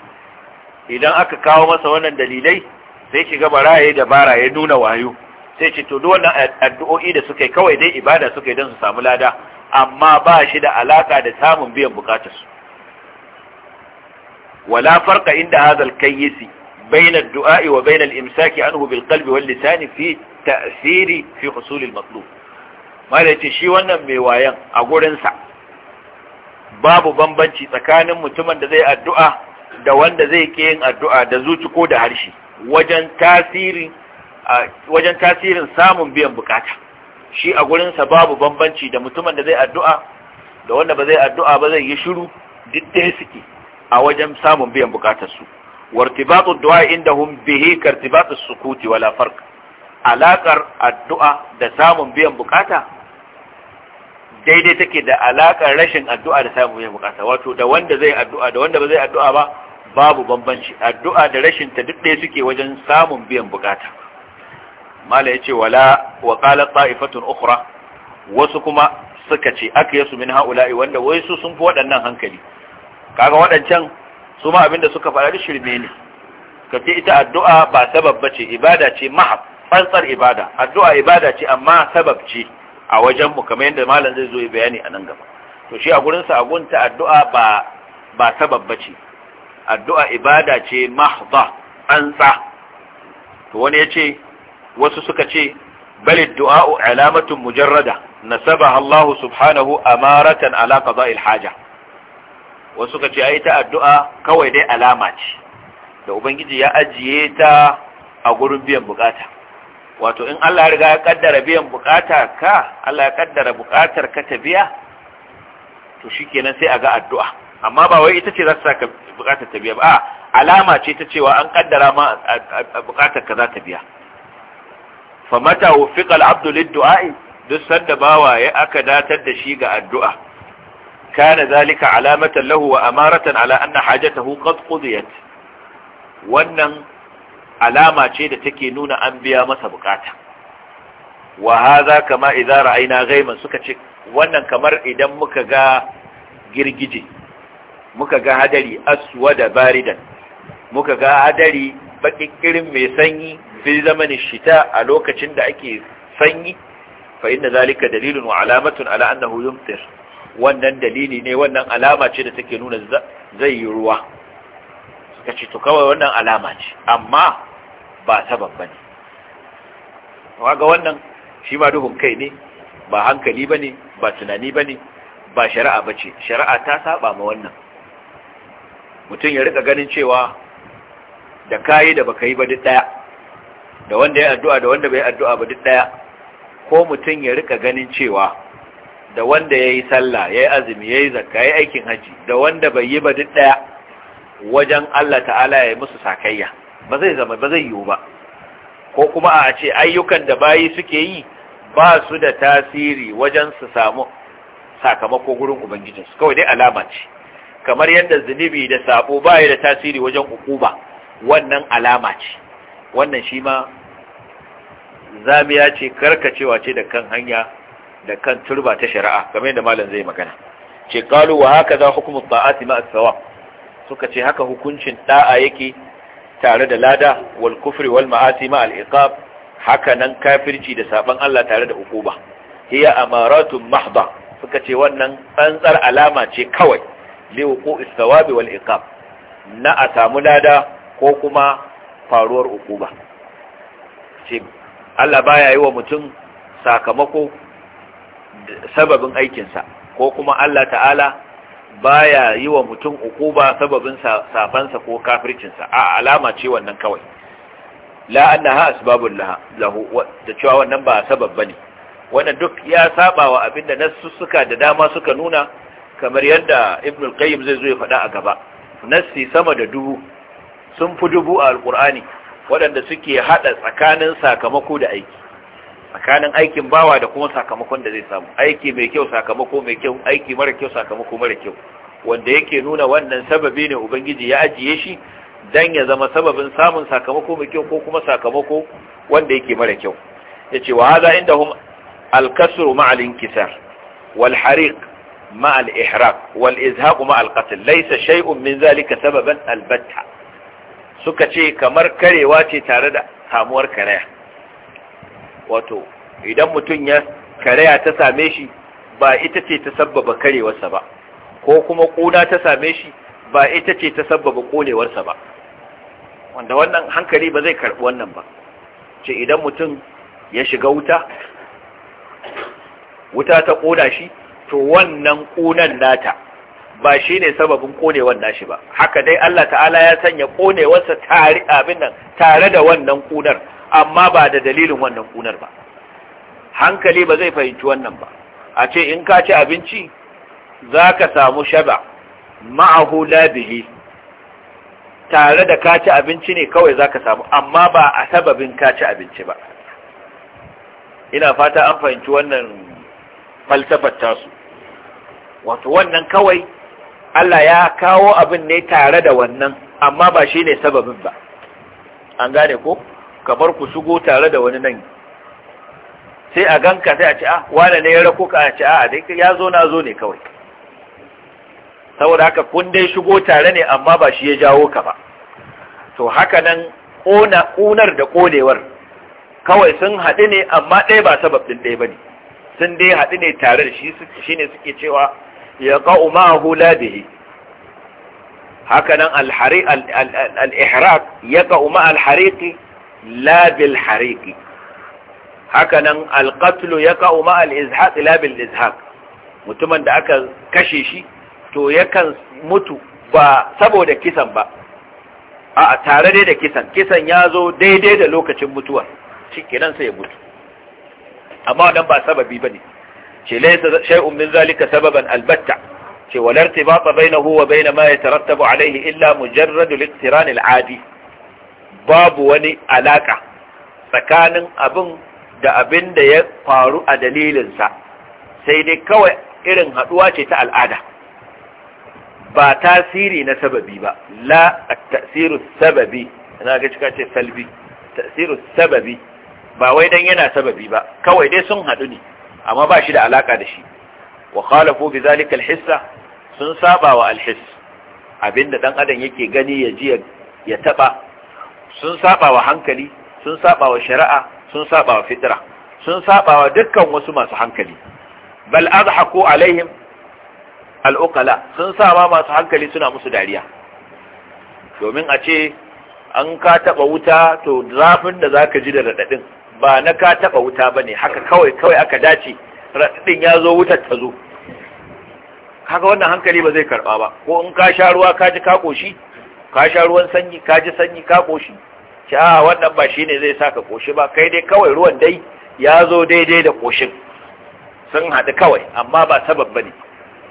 idan aka kawo masa wannan dalilai sai shiga baraye da baraye nuna wayo sai ce to duk addu'o'i da suka yi kawai dai ibada suka yi don su samu lada amma ba shi da alaka da samun biyan bukatarsu wala farka inda hadal kayyisi بين الدعاء وبين الإمساك عنه بالقلب واللسان في تأثير في fi المطلوب ما ليتي shi wannan mai wayan a gurin sa babu bambanci tsakanin mutumin da zai addu'a da wanda zai ke yin addu'a da zuci ko da harshe wajen tasirin wajen tasirin samun biyan bukata shi a gurinsa babu bambanci da mutumin da zai addu'a da wanda ba zai addu'a ba zai yi shiru duk ɗaya suke a wajen samun biyan bukatarsu wartibatu du'a indahum bihi kartibatu sukuti wala farq alakar addu'a da samun biyan bukata daidai take da alakar rashin addu'a da samun biyan bukata wato da wanda zai addu'a da wanda ba zai addu'a ba babu bambanci addu'a da rashin ta duk ɗaya suke wajen samun biyan bukata mala yace wala wa qalat ifatun ukhra wasu kuma suka ce aka su min haula'i wanda wai su sun fi waɗannan hankali kaga waɗancan su ma abinda suka fara da shirme ne kace ita addu'a ba sabab bace ibada ce maha fansar ibada addu'a ibada ce amma sabab ce a wajen mu kamar yadda malam zai zo bayani a nan gaba to shi a gurin sa gunta addu'a ba ba sabab bace addu'a ibada ce mahdha tsantsa to wani yace wasu suka ce bal du'a'u alamatun mujarrada nasabaha Allah subhanahu amaratan ala qada'il haja wasu suka ce ai ta addu'a kawai dai alama ce da ubangiji ya ajiye ta a gurin biyan bukata wato in Allah ya riga ya kaddara biyan bukata ka Allah ya kaddara bukatar ka ta biya to shikenan sai a ga addu'a amma ba wai ita ce za ta saka bukatar ta biya ba alama ce ta cewa an kaddara ma bukatar ka za ta biya fa mata wufiqa duai duk sanda bawa ya aka datar da shi ga addu'a kana zalika alamatan lahu wa amaratan ala anna hajatahu qad qudiyat wannan alama ce da take nuna an biya masa bukata wa hadha kama idza ra'ayna ghaiman suka ce wannan kamar idan muka ga girgije muka ga hadari aswada baridan muka ga hadari bakikirin mai sanyi fi zamanin shita a lokacin da ake sanyi fa inna zalika dalilun wa alamatun ala annahu yumtir wannan dalili ne wannan alama ce da take nuna zai yi ruwa suka ce to kawai wannan alama ce amma ba sabab bane ga wannan shi ma duhun kai ne ba hankali bane ba tunani bane ba shari'a bace shari'a ta saba ma wannan mutum ya rika ganin cewa da kai da baka yi ba duk daya da wanda ya addu'a da wanda bai addu'a ba duk daya ko mutum ya rika ganin cewa da wanda ya yi sallah ya yi azumi ya yi zakka ya yi aikin hajji da wanda bai yi ba duk daya wajen Allah ta'ala ya yi musu sakayya ba zai zama ba zai yiwu ba ko kuma a ce ayyukan da bayi suke yi ba su da tasiri wajen su samu sakamako gurin ubangijinsu kawai dai alama ce kamar yadda zunubi da sabo ba da tasiri wajen ukuba wannan alama ce wannan shi ma zamiya ce karkacewa ce da kan hanya da kan turba ta shari'a kamar yadda malam zai magana ce qalu wa za hukmu ta'ati ma as-sawab suka ce haka hukuncin da'a yake tare da lada wal kufri wal ma'asi ma al-iqab haka nan kafirci da saban Allah tare da ukuba hiya amaratun Mahba suka ce wannan tsantsar alama ce kawai li wuqu'is thawabi wal iqab na a samu lada ko kuma faruwar ukuba ce Allah baya yi wa mutum sakamako sababin aikinsa ko kuma Allah ta'ala baya yi wa mutum ukuba sababin safansa ko kafircinsa a alama ce wannan kawai la annaha asbabul lahu da cewa wannan ba sabab bane wannan duk ya saba wa abinda suka da dama suka nuna kamar yadda ibnul qayyim zai zo ya faɗa a gaba nassi sama da dubu sun fi dubu a alkur'ani waɗanda suke haɗa tsakanin sakamako da aiki tsakanin aikin bawa da kuma sakamakon da zai samu aiki mai kyau sakamako mai kyau aiki mara kyau sakamako mara kyau wanda yake nuna wannan sababi ne ubangiji ya ajiye shi dan ya zama sababin samun sakamako mai kyau ko kuma sakamako wanda yake mara kyau Ya wa hada in al-kasru Alkasru, al-inkisar wal hariq ma'a al-ihraq wal izhaq ma'a al-qatl laysa shay'un min zalika sababan al-batta suka ce kamar karewa ce tare da samuwar karaya wato idan mutum ya karaya ta same shi ba ita ce ta sabbaba karewarsa ba ko kuma ƙuna ta same shi ba ita ce ta sabbaba ƙonewarsa ba wanda wannan hankali ba zai karɓi wannan ba ce idan mutum ya shiga wuta wuta ta ƙona shi to wannan ƙunan nata ba shi ne sababin konewan shi ba haka dai Allah ta'ala ya sanya konewarsa tare abin nan tare da wannan kunar amma ba da dalilin wannan kunar ba hankali ba zai fahimci wannan ba a ce in ka ci abinci za ka samu shaba ma'ahu labihi tare da ka ci abinci ne kawai za ka samu amma ba a sababin ka ci abinci ba ina fata an fahimci wannan falsafar tasu wato wannan kawai Allah ya kawo abin ne tare da wannan amma ba shi ne sababin ba an gane ko kamar ku shigo tare da wani nan sai a ganka sai a ce ah wane ne ya rako ka a ce ah dai ya zo na zo ne kawai saboda haka kun dai shigo tare ne amma ba shi ya jawo ka ba to haka nan ƙona ƙunar da ƙonewar kawai sun haɗu ne amma ɗaya ba sababin ɗaya ba ne sun dai haɗu ne tare da shi shi ne suke cewa Ya ma'ahu ladihi hakanan al-hariq al-ihraq yaqa'u ma'a al-hariqi labil hariki hakanan al ya ƙa'u ma al-izhaq la izhaq mutumin da aka kashe shi to yakan mutu ba saboda kisan ba a tare dai da kisan kisan ya zo daidai da lokacin mutuwa shi kenan sai ya mutu amma wadanda ba sababi ba ne ce laysa shai'un min zalika sababan albatta ce wala irtibata bainahu wa bain ma yatarattabu alayhi illa mujarrad al-iqtiran al-adi babu wani alaka tsakanin abin da abin da ya faru a dalilinsa sai dai kawai irin haduwa ce ta al'ada ba tasiri na sababi ba la tasiru sababi Ina ga cika ce salbi tasiru sababi ba wai dan yana sababi ba kawai dai sun hadu ne amma ba shi da alaka da shi wa khalafu bi zalika alhissa sun saba wa alhiss abinda dan adam yake gani ya ji ya taba sun saba wa hankali sun saba wa shari'a sun saba wa fitra sun saba wa dukkan wasu masu hankali bal adhaku alaihim al'ukala sun saba masu hankali suna musu dariya domin a ce an ka taɓa wuta to zafin da za ka ji da raɗaɗin ba na ka taba wuta bane haka kawai kawai aka dace radin ya zo wutar ta zo kaga wannan hankali ba zai karba ba ko in ka sha ruwa ka ji ka koshi ka sha ruwan sanyi ka ji sanyi ka koshi ce a wannan ba shine zai saka koshi ba kai dai kawai ruwan dai ya zo daidai da koshin sun haɗu kawai amma ba sabab bane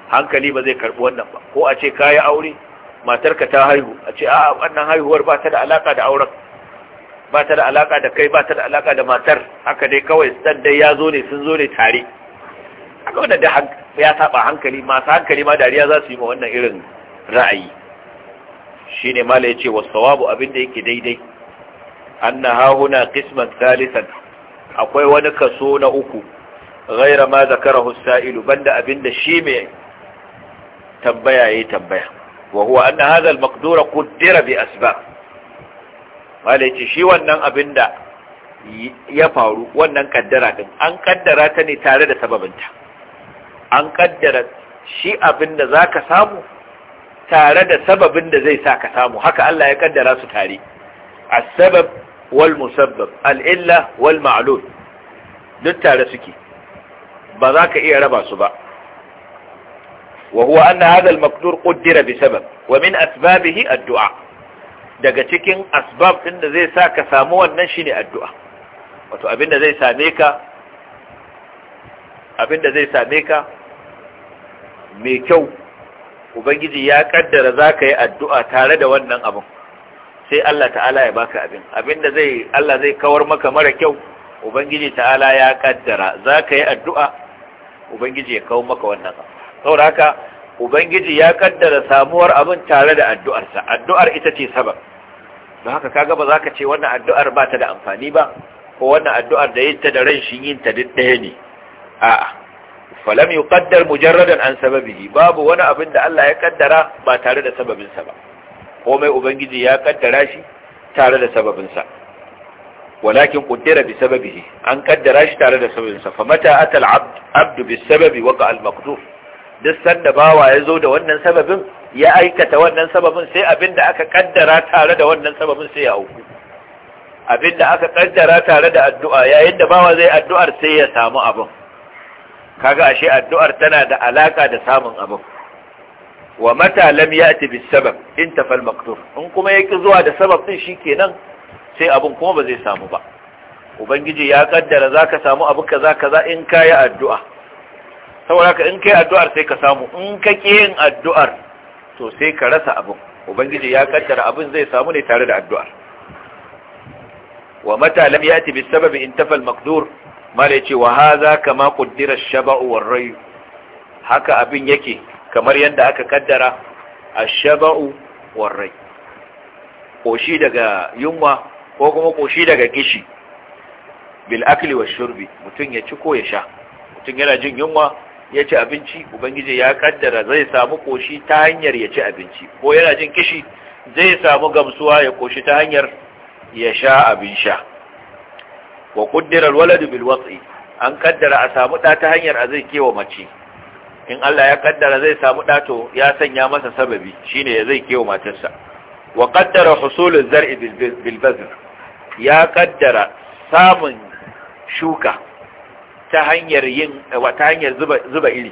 hankali ba zai karbi wannan ba ko a ce kayi aure matarka ta haihu a ce a wannan haihuwar ba ta da alaka da auren ba ta da alaka da kai ba ta da alaka da matar haka dai kawai stan dai ya zo ne sun zo ne tare haka wanda da ya saba hankali masu hankali ma dariya za su yi ma wannan irin ra'ayi Shi shine mala yace wasawabu abin da yake daidai anna hahuna qisman thalithan akwai wani kaso na uku ghaira ma zakarahu as-sa'ilu banda abin da shi mai tambaya yayi tambaya wa huwa anna hadha al-maqdura qaddara bi asbab malai shi wannan abin da ya faru wannan kaddara din an kaddara ta ne tare da sababinta an kaddara shi abin da za ka samu tare da sababin da zai sa ka samu haka Allah ya kaddara su tare A sabab wal musabbab alilla wal ma'lul duk tare suke ba za ka iya raba su ba Wahuwa huwa anna hadha al-maqdur quddira bi sabab wa min asbabihi addu'a daga cikin asbab ɗin da zai sa ka samu wannan shi ne addu'a wato abinda zai same ka abinda zai same ka mai kyau ubangiji ya ƙaddara za ka yi addu'a tare da wannan abin sai Allah ta'ala ya baka abin abinda zai Allah zai kawar maka mara kyau ubangiji ta'ala ya ƙaddara za ka yi addu'a ubangiji ya kawo maka wannan abin haka ubangiji ya kaddara samuwar abin tare da addu'arsa addu'ar ita ce sabab don haka kaga ba za ka ce wannan addu'ar ba ta da amfani ba ko wannan addu'ar da yin ta da ran shi yin ta duk ɗaya ne a'a falam yuqaddar mujarradan an sababihi babu wani abin da Allah ya kaddara ba tare da sababinsa sa ba komai ubangiji ya kaddara shi tare da sababinsa. sa walakin qaddara bi sababihi an kaddara shi tare da sababin sa famata atal abdu bis sababi waqa al maqduf duk sanda bawa ya zo da wannan sababin ya aikata wannan sababin sai abin da aka kaddara tare da wannan sababin sai ya auku abin da aka kaddara tare da addu'a yayin da bawa zai addu'ar sai ya samu abin kaga ashe addu'ar tana da alaka da samun abin wa mata lam ya'ti bis sabab in al maqdur in kuma yake zuwa da sabab din shikenan sai abin kuma ba zai samu ba ubangiji ya kaddara zaka samu abu kaza kaza in kai addu'a saboda ka in kai addu'ar sai ka samu in ka ƙi yin addu'ar to sai ka rasa abin ubangiji ya kaddara abin zai samu ne tare da addu'ar wa mata lam yati bi sababi in al maqdur mala yace wa hadha kama quddira ash-shaba'u war ray haka abin yake kamar yanda aka kaddara ash-shaba'u war ray koshi daga yunwa ko kuma koshi daga kishi bil akli wash shurbi mutun ya ci ko ya sha mutun yana jin yunwa ya ci abinci ubangiji ya kaddara zai samu koshi ta hanyar ya ci abinci ko yana jin kishi zai samu gamsuwa ya koshi ta hanyar ya sha abin sha wa kuddira alwaladu bil wat'i an kaddara a samu da ta hanyar a zai kewa mace in Allah ya kaddara zai samu da to ya sanya masa sababi shine ya zai kewa matarsa wa qaddara husulul zar'i bil bazr ya kaddara samun shuka ta hanyar yin ta hanyar zuba zuba iri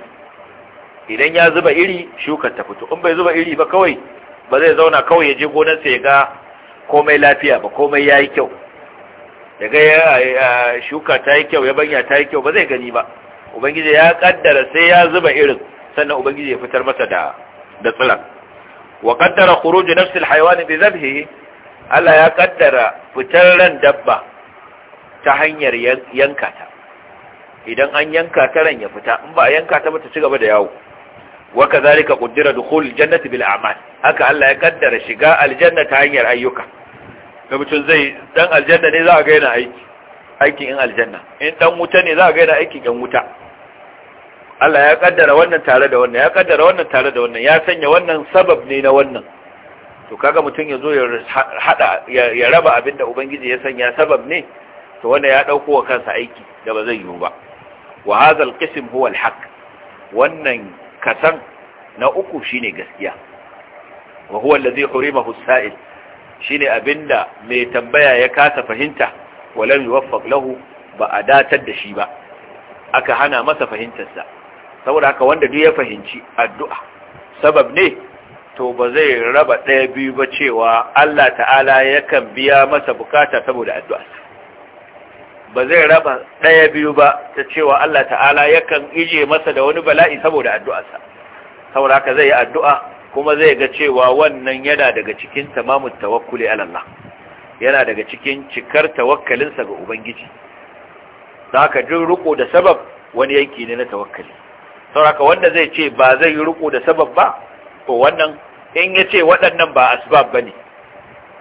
idan ya zuba iri shukar ta fito in bai zuba iri ba kawai ba zai zauna kawai ya je gonar sa ya ga komai lafiya ba komai yayi kyau ya ga shuka ta yi kyau ya banya ta yi kyau ba zai gani ba ubangiji ya kaddara sai ya zuba irin sannan ubangiji ya fitar masa da da tsiran wa kaddara khuruj nafsi alhayawan bi dhabhihi Allah ya kaddara fitar ran dabba ta hanyar yankata. idan an yanka ta ran ya fita in ba a yanka ta ba ta ci gaba da yawo wa kazalika quddira dukhul jannati bil a'mal haka Allah ya kaddara shiga aljanna ta hanyar ayyuka da mutum zai dan aljanna ne za a ga yana aiki aikin in aljanna in dan wuta ne za a ga yana aikin dan wuta Allah ya kaddara wannan tare da wannan ya kaddara wannan tare da wannan ya sanya wannan sabab ne na wannan to kaga mutum ya zo ya hada ya raba abinda ubangiji ya sanya sabab ne to wanda ya dauko wa kansa aiki da ba zai yiwu ba wa hadha alqism huwa alhaq wannan kasan na uku shine gaskiya wa huwa zai hurimahu as-sa'il shine abinda mai tambaya ya kasa fahimta walam yuwaffaq lahu ba a datar da shi ba aka hana masa fahimtarsa saboda haka wanda duk ya fahimci addu'a sabab ne to ba zai raba ɗaya biyu ba cewa Allah ta'ala yakan biya masa bukata saboda addu'a ba zai raba ɗaya biyu ba ta cewa Allah ta'ala yakan ije masa da wani bala'i saboda addu'arsa saboda haka zai yi addu'a kuma zai ga cewa wannan yana daga cikin tamamun tawakkuli alalla, yana daga cikin cikar tawakkalinsa ga ubangiji za ka jin riko da sabab wani yanki ne na tawakkali haka wanda zai ce ba zai yi riko da sabab ba ko wannan in ya ce waɗannan ba asbab ba ne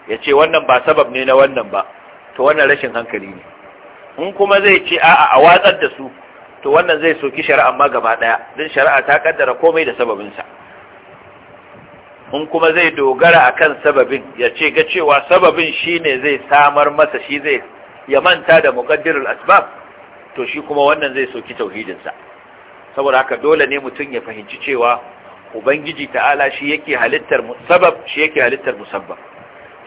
ya ce wannan ba sabab ne na wannan ba to wannan rashin hankali ne in kuma zai ce a'a a watsar da su to wannan zai soki shari'a ma gaba daya din shari'a ta kaddara komai da sababinsa in kuma zai dogara akan sababin ya ce ga cewa sababin shine zai samar masa shi zai ya manta da muqaddirul asbab to shi kuma wannan zai soki tauhidinsa saboda haka dole ne mutum ya fahimci cewa ubangiji ta'ala shi yake halittar sabab shi yake halittar musabbab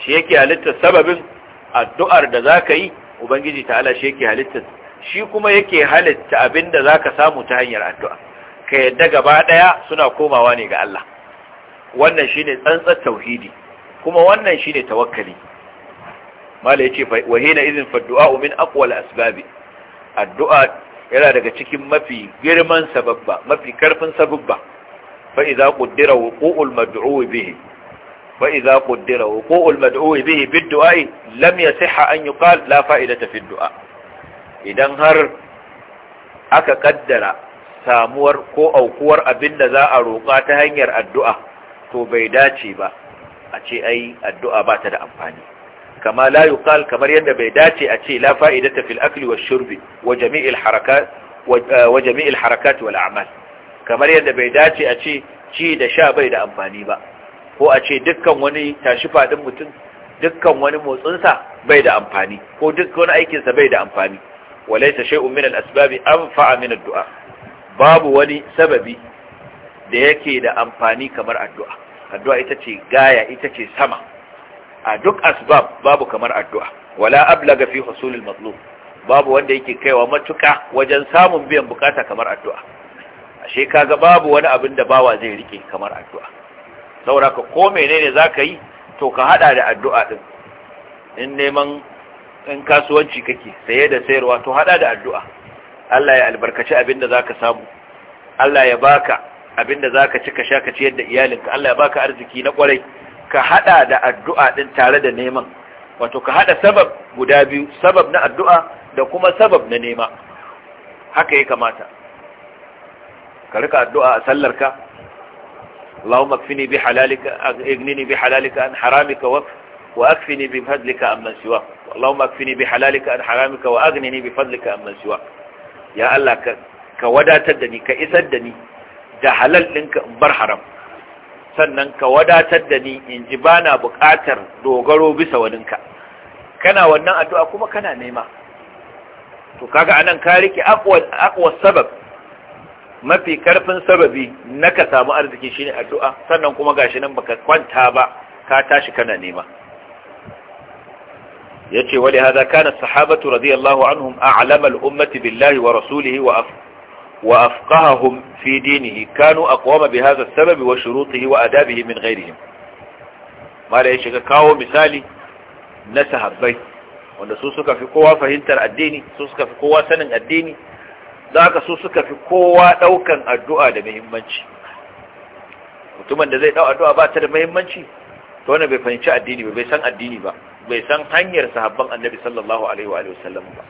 shi yake halittar sababin addu'ar da zaka yi ubangiji ta'ala shi yake halitta shi kuma yake halitta abinda zaka samu ta hanyar addu'a ka yadda gaba ɗaya suna komawa ne ga Allah wannan shine tsantsar tauhidi kuma wannan shine tawakkali mala yace wa hina izin faddu'a min akwai asbabi addu'a yana daga cikin mafi girman sababba mafi karfin sababba fa idza qaddara wuqu'ul mad'u bihi fa idza qaddara wuqu'ul mad'u bihi bid du'a lam yasihha an yuqal la fa'idata fi du'a idan har aka kaddara samuwar ko aukuwar abinda za a roƙa ta hanyar addu'a to bai dace ba a ce ai addu'a ba ta da amfani kama la kamar yadda bai dace a ce la fa'idata fil akli wash shurbi eh, wa jami'il harakat wal a'mal kamar yadda bai dace a ce ci da sha bai da amfani ba ko a ce dukkan wani tashi fadin mutum dukkan wani motsinsa bai da amfani ko duk wani aikinsa bai da amfani walaita shay'un min al-asbabi anfa'a min ad babu wani sababi da yake da amfani kamar addu'a addu'a ita ce gaya ita ce sama a duk asbab babu kamar addu'a wala ablaga fi husulil matlub babu wanda yake kaiwa matuka wajen samun biyan bukata kamar addu'a ashe kaga babu wani abin da bawa zai rike kamar addu'a saboda ka ko menene zaka yi to ka hada da addu'a din in neman in kasuwanci kake saye da sayarwa to hada da addu'a Allah ya albarkaci abinda zaka samu Allah ya baka abinda zaka ci ka sha ka ciyar da iyalinka Allah ya baka arziki na kwarai ka hada da addu'a din tare da neman wato ka hada sabab guda biyu sabab na addu'a da kuma sabab na nema haka ya kamata ka rika addu'a a sallarka اللهم اكفني بحلالك اغنني بحلالك عن حرامك واكفني بفضلك عمن سواك اللهم اكفني بحلالك عن حرامك واغنني بفضلك عمن سواك يا الله ka wadatar da ni ka isar da ni da halal ɗinka in bar haram sannan ka wadatar da ni in ji ba na buƙatar dogaro bisa waninka kana wannan addu'a kuma kana nema to kaga anan ka rike aqwa sabab mafi karfin sababi na ka samu arziki shine addu'a sannan kuma gashi nan baka kwanta ba ka tashi kana nema yace wali hada kana sahabatu radiyallahu anhum a'lama al-ummati billahi wa rasulihi wa af wa afqahahum fi dinihi kanu aqwama bi hadha as-sababi wa shurutihi wa adabihi min ghayrihim mala ya shiga kawo misali na sahabbai wanda su suka fi kowa fahimtar addini su suka fi kowa sanin addini da haka su suka fi kowa ɗaukan addu'a da muhimmanci mutumin da zai ɗau addu'a ba ta da muhimmanci to wannan bai fahimci addini ba bai san addini ba bai san hanyar sahabban annabi sallallahu alaihi wa sallam ba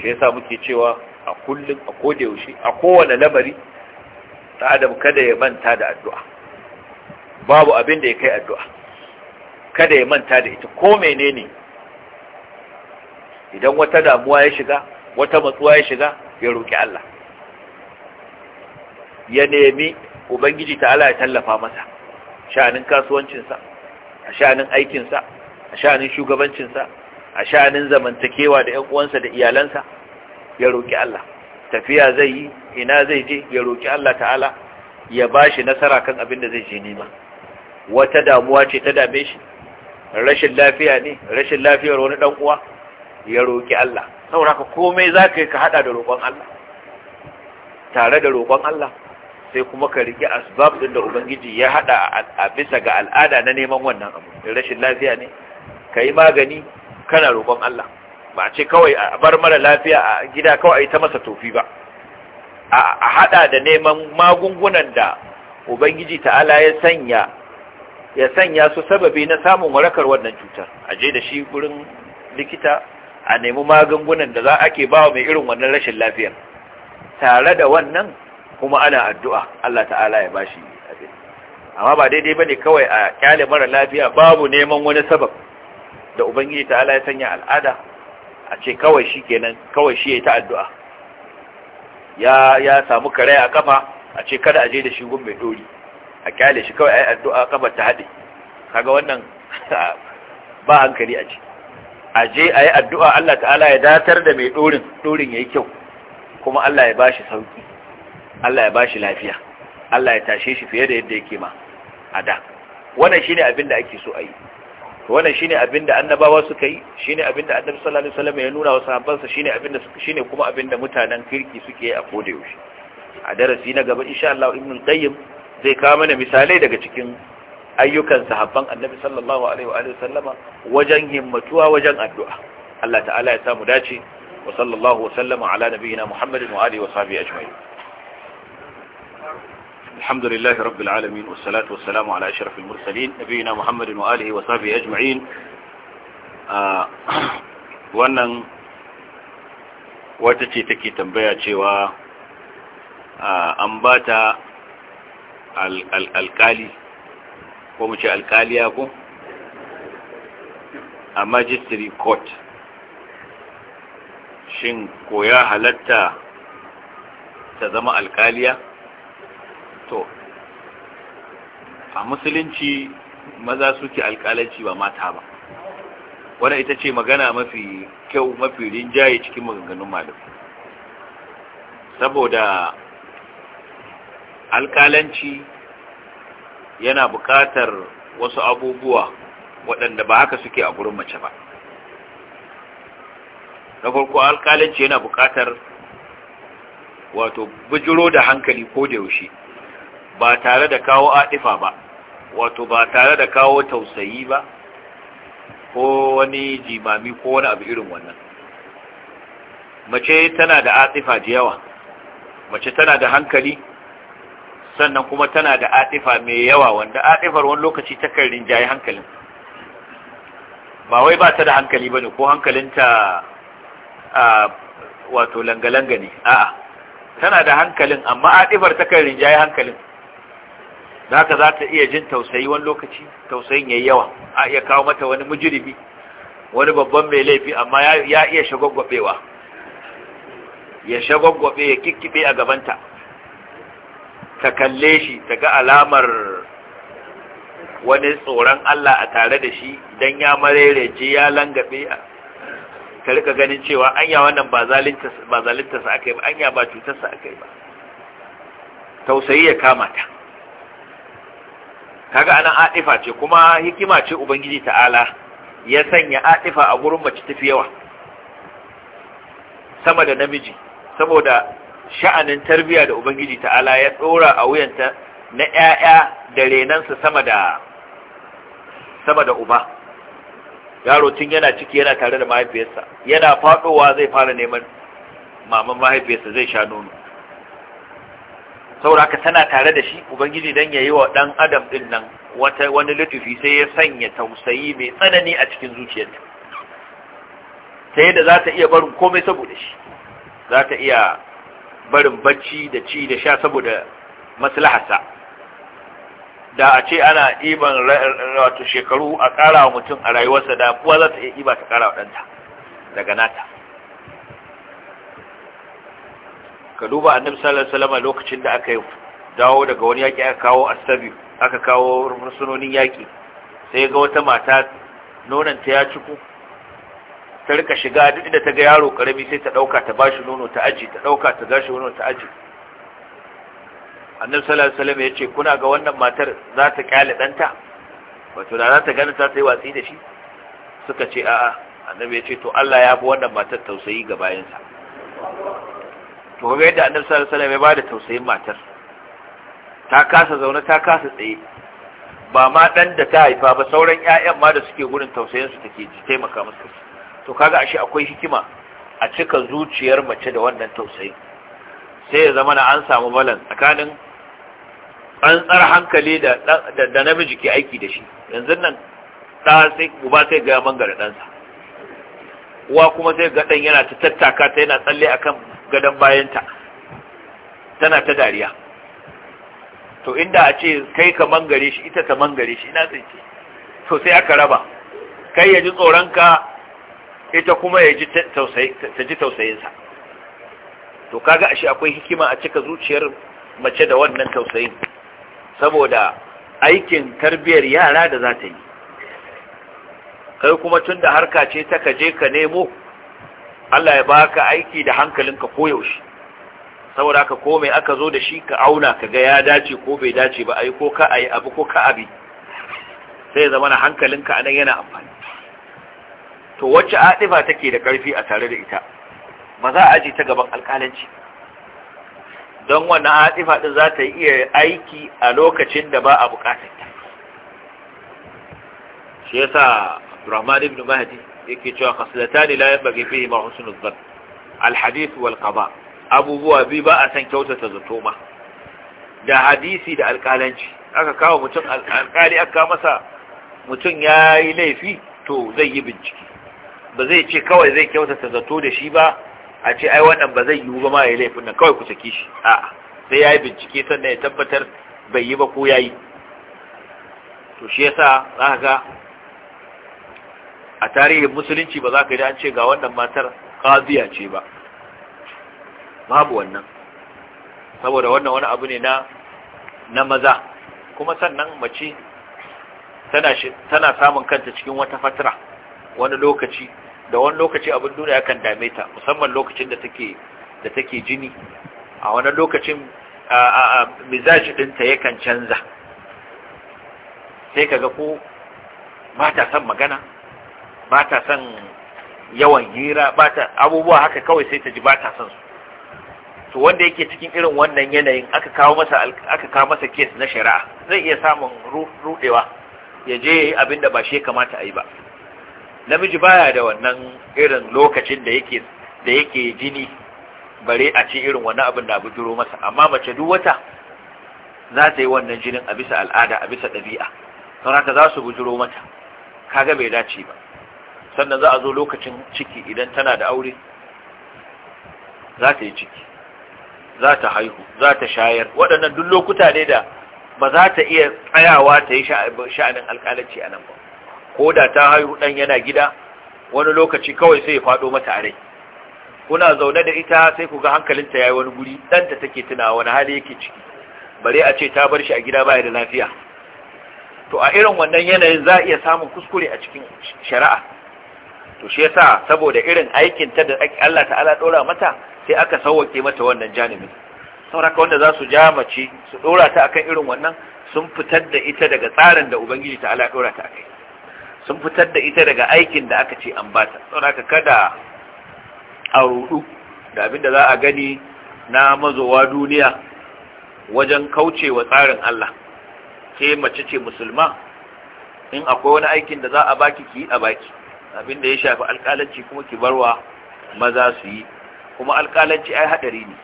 shi yasa muke cewa a kullum a shi a kowane lamari ta adam kada ya manta da addu'a babu abin da ya kai addu'a kada ya manta da ita ko menene idan wata damuwa ya shiga wata matsuwa ya shiga ya roƙi Allah ya nemi ubangiji ta'ala ya tallafa masa shanin kasuwancinsa a shanin aikinsa a shanin shugabancinsa a shanin zamantakewa da 'yan uwansa da iyalansa ya roƙi Allah tafiya zai yi ina zai je ya roƙi Allah ta'ala ya ba shi nasara kan abin da zai je nema wata damuwa ce ta dame shi rashin lafiya ne rashin lafiyar wani ɗan’uwa uwa ya roƙi Allah saboda ka komai za ka yi ka haɗa da roƙon Allah tare da roƙon Allah sai kuma ka riƙe asbab ɗin da ubangiji ya haɗa a bisa ga al'ada na neman wannan abu rashin lafiya ne ka yi magani kana roƙon Allah ba a ce kawai a bar mara lafiya a gida kawai a ta masa tofi ba a haɗa da neman magungunan da ubangiji ta'ala ya sanya ya sanya su sababi na samun warakar wannan cutar a je da shi gurin likita a nemi magungunan da za a ke ba mai irin wannan rashin lafiyar tare da wannan kuma ana addu'a Allah ta'ala ya bashi abin amma ba daidai bane kawai a kyale mara lafiya babu neman wani sabab da ubangiji ta'ala ya sanya al'ada a ce kawai shi kenan kawai shi ya ta addu'a ya ya samu kare a kafa a ce kada a je da shi gun mai dori a kyale shi kawai ai addu'a kafa ta hade kaga wannan ba hankali a ciki a je a yi addu'a Allah ta'ala ya datar da mai ɗorin ɗorin ya yi kyau kuma Allah ya ba shi sauƙi Allah ya ba shi lafiya Allah ya tashe shi fiye da yadda yake ma a da wannan shi ne abin da ake so a yi wannan shi ne abin da annabawa suka yi shi ne abin da annabi sallallahu alaihi wasallam ya nuna wa sahabbansa shi ne abin da shi ne kuma abin da mutanen kirki suke a da yaushe a darasi na gaba insha Allah ibn qayyim zai kawo mana misalai daga cikin ayyukan sahabban annabi sallallahu alaihi wa sallama wajen himmatuwa wajen addu'a Allah ta'ala ya samu dace wa sallallahu wa sallama ala nabiyyina Muhammadin wa alihi wa sahbihi ajma'in alhamdulillahi rabbil alamin was salatu was salamu ala ashrafil mursalin nabiyyina Muhammadin wa alihi wa sahbihi ajma'in ah, wannan wata ce take tambaya cewa ah, an bata alkali ko mu ce alkaliya ko a majistri court shin ko ya halatta ta zama alkaliya to a musulunci maza suke alkalanci ba mata ba wadda ita ce magana mafi kyau mafi rinjaye cikin maganganun malam saboda alkalanci yana buƙatar wasu abubuwa waɗanda ba haka suke a gurin mace ba na farko alƙalanci yana buƙatar wato bijiro da hankali ko da yaushe ba tare da kawo adifa ba wato ba tare da kawo tausayi ba ko wani jimami ko wani abu irin wannan mace tana da aɗifa da yawa mace tana da hankali sannan kuma tana da atifa mai yawa wanda atifar wani lokaci takan rinjaye hankalin ba wai ba ta da hankali ba ne ko hankalinta a wato langa-langa ne a'a tana da hankalin amma atifar takan rinjaye hankalin da haka za ta iya jin tausayi wani lokaci tausayin ya yi yawa a iya kawo mata wani mujiribi wani babban mai laifi amma ya iya shagwagwabewa ya shagwagwabe ya kikkibe a gabanta ta kalle shi ta ga alamar wani tsoron Allah a tare da shi don ya marerece ya langabe Ka rika ganin cewa anya wannan ba zalintarsa aka yi ba anya ba cutarsa aka yi ba tausayi ya kama ta kaga anan adifa ce kuma hikima ce ubangiji ta'ala ya sanya adifa a gurin mace tafi yawa sama da namiji saboda sha'anin tarbiya da ubangiji ta'ala ya tsora a wuyanta na 'ya'ya da renansa sama da uba yaro tun yana ciki yana tare da mahaifiyarsa yana faɗowa zai fara neman maman mahaifiyarsa zai sha nono Saura haka tana tare da shi ubangiji dan yayi wa ɗan adam ɗin nan wani littafi sai ya sanya tausayi mai tsanani a cikin zuciyarta ta yadda za ta iya barin komai saboda shi za ta iya barin bacci da ci da sha saboda maslahata da a ce ana iban wato shekaru a ƙara wa mutum a rayuwarsa da kuwa za ta iya iba ta ƙara wa ɗanta daga nata ka duba annab sallallahu alaihi wasallam lokacin da aka dawo daga wani yaƙi aka kawo asabi aka kawo rusunonin yaƙi sai ga wata mata nonanta ya ciku ta rika shiga duk da ta ga yaro karami sai ta dauka ta bashi nono ta aji ta dauka ta gashi nono ta aji annabi sallallahu alaihi wasallam yace kuna ga wannan matar za ta kyale danta wato da za ta gani ta sai watsi da shi suka ce a'a annabi yace to Allah ya bi wannan matar tausayi ga bayansa to ga yadda annabi sallallahu alaihi wasallam ya bada tausayin matar ta kasa zauna, ta kasa tsaye ba ma dan da ta haifa ba sauran ƴaƴan ma da suke gurin tausayin su take ji taimaka musu to kaga ashe akwai hikima a cika zuciyar mace da wannan tausayi sai ya zama na an samu balan tsakanin an tsar hankali da da namiji ke aiki da shi yanzu nan da sai uba sai ga mangara ɗansa uwa kuma sai ga ɗan yana ta tattaka ta yana tsalle akan gadon bayanta tana ta dariya to inda a ce kai ka mangare shi ita ta mangare shi ina tsinke. to sai aka raba kai ya ji tsoronka ita kuma ya ji tausayinsa to kaga ashe akwai hikima a cika zuciyar mace da wannan tausayin saboda aikin tarbiyyar yara da za ta yi kai kuma tun da harka ce ta je ka nemo Allah ya baka aiki da hankalinka koyaushe saboda haka ko aka zo da shi ka auna ka ga ya dace ko bai dace ba yi ko ka ayi abu ko ka abi sai zamana hankalinka nan yana amfani to wacce adifa take da karfi a tare da ita ba za a aje ta gaban alƙalanci don wannan adifa din za ta iya aiki a lokacin da ba a buƙatar ta shi yasa Rahman ibn Mahdi yake cewa khaslatan la yanbaghi fihi ma husnul dhann al hadith wal qada abubuwa bi ba a san kyautata zato ma da hadisi da alƙalanci aka kawo mutum alƙali aka masa mutum ya yi laifi to zai yi bincike ba zai ce kawai zai kyautata zato da shi ba a ce ai wannan ba zai yiwu ba ma ya laifin nan kawai ku saki shi a'a sai ya yi bincike sannan ya tabbatar bai yi ba ko ya yi to shi yasa za ka ga a tarihin musulunci ba za ka ji an ce ga wannan matar kaziya ce ba babu wannan saboda wannan wani abu ne na na maza kuma sannan mace tana samun kanta cikin wata fatara wani lokaci da wani lokaci abin duniya kan dame ta musamman lokacin da take da jini a wani lokacin mizaji ɗinta yakan canza sai kaga ko ba ta magana ba ta yawan hira ba abubuwa haka kawai sai ta ji ba ta su to wanda yake cikin irin wannan yanayin aka kawo masa aka na shari'a zai iya samun rudewa ya je yayi abin da ba shi kamata a yi ba namiji baya da wannan irin lokacin da yake da yake jini bare a irin wani abin da bujuro masa amma mace duk wata za ta yi wannan jinin a bisa al'ada a bisa ɗabi'a don haka za su bujuro mata kaga bai dace ba sannan za a zo lokacin ciki idan tana da aure za ta yi ciki za ta haihu za ta shayar waɗannan duk lokuta ne da ba za ta iya tsayawa ta yi sha'anin alƙalaci a nan ba ko da ta haihu ɗan yana gida wani lokaci kawai sai ya faɗo mata a rai kuna zaune da ita sai ku ga hankalinta ya yi wani guri ɗanta take tunawa wani hali yake ciki bare a ce ta bar shi a gida baya da lafiya to a irin wannan yanayin za a iya samun kuskure a cikin shari'a to shi yasa saboda irin aikin ta da Allah ta'ala dora mata sai aka sauwake mata wannan janibin sauraka wanda za su ja mace su dora ta akan irin wannan sun fitar da ita daga tsarin da ubangiji ta'ala dora ta akai sun fitar da ita daga aikin da aka ce an bata aka kada a rudu da abin da za a gani na mazowa duniya wajen kaucewa tsarin Allah ke mace ce musulma in akwai wani aikin da za a baki ki a baki abin da ya shafi alkalanci kuma ki barwa maza su yi kuma alkalanci ai haɗari ne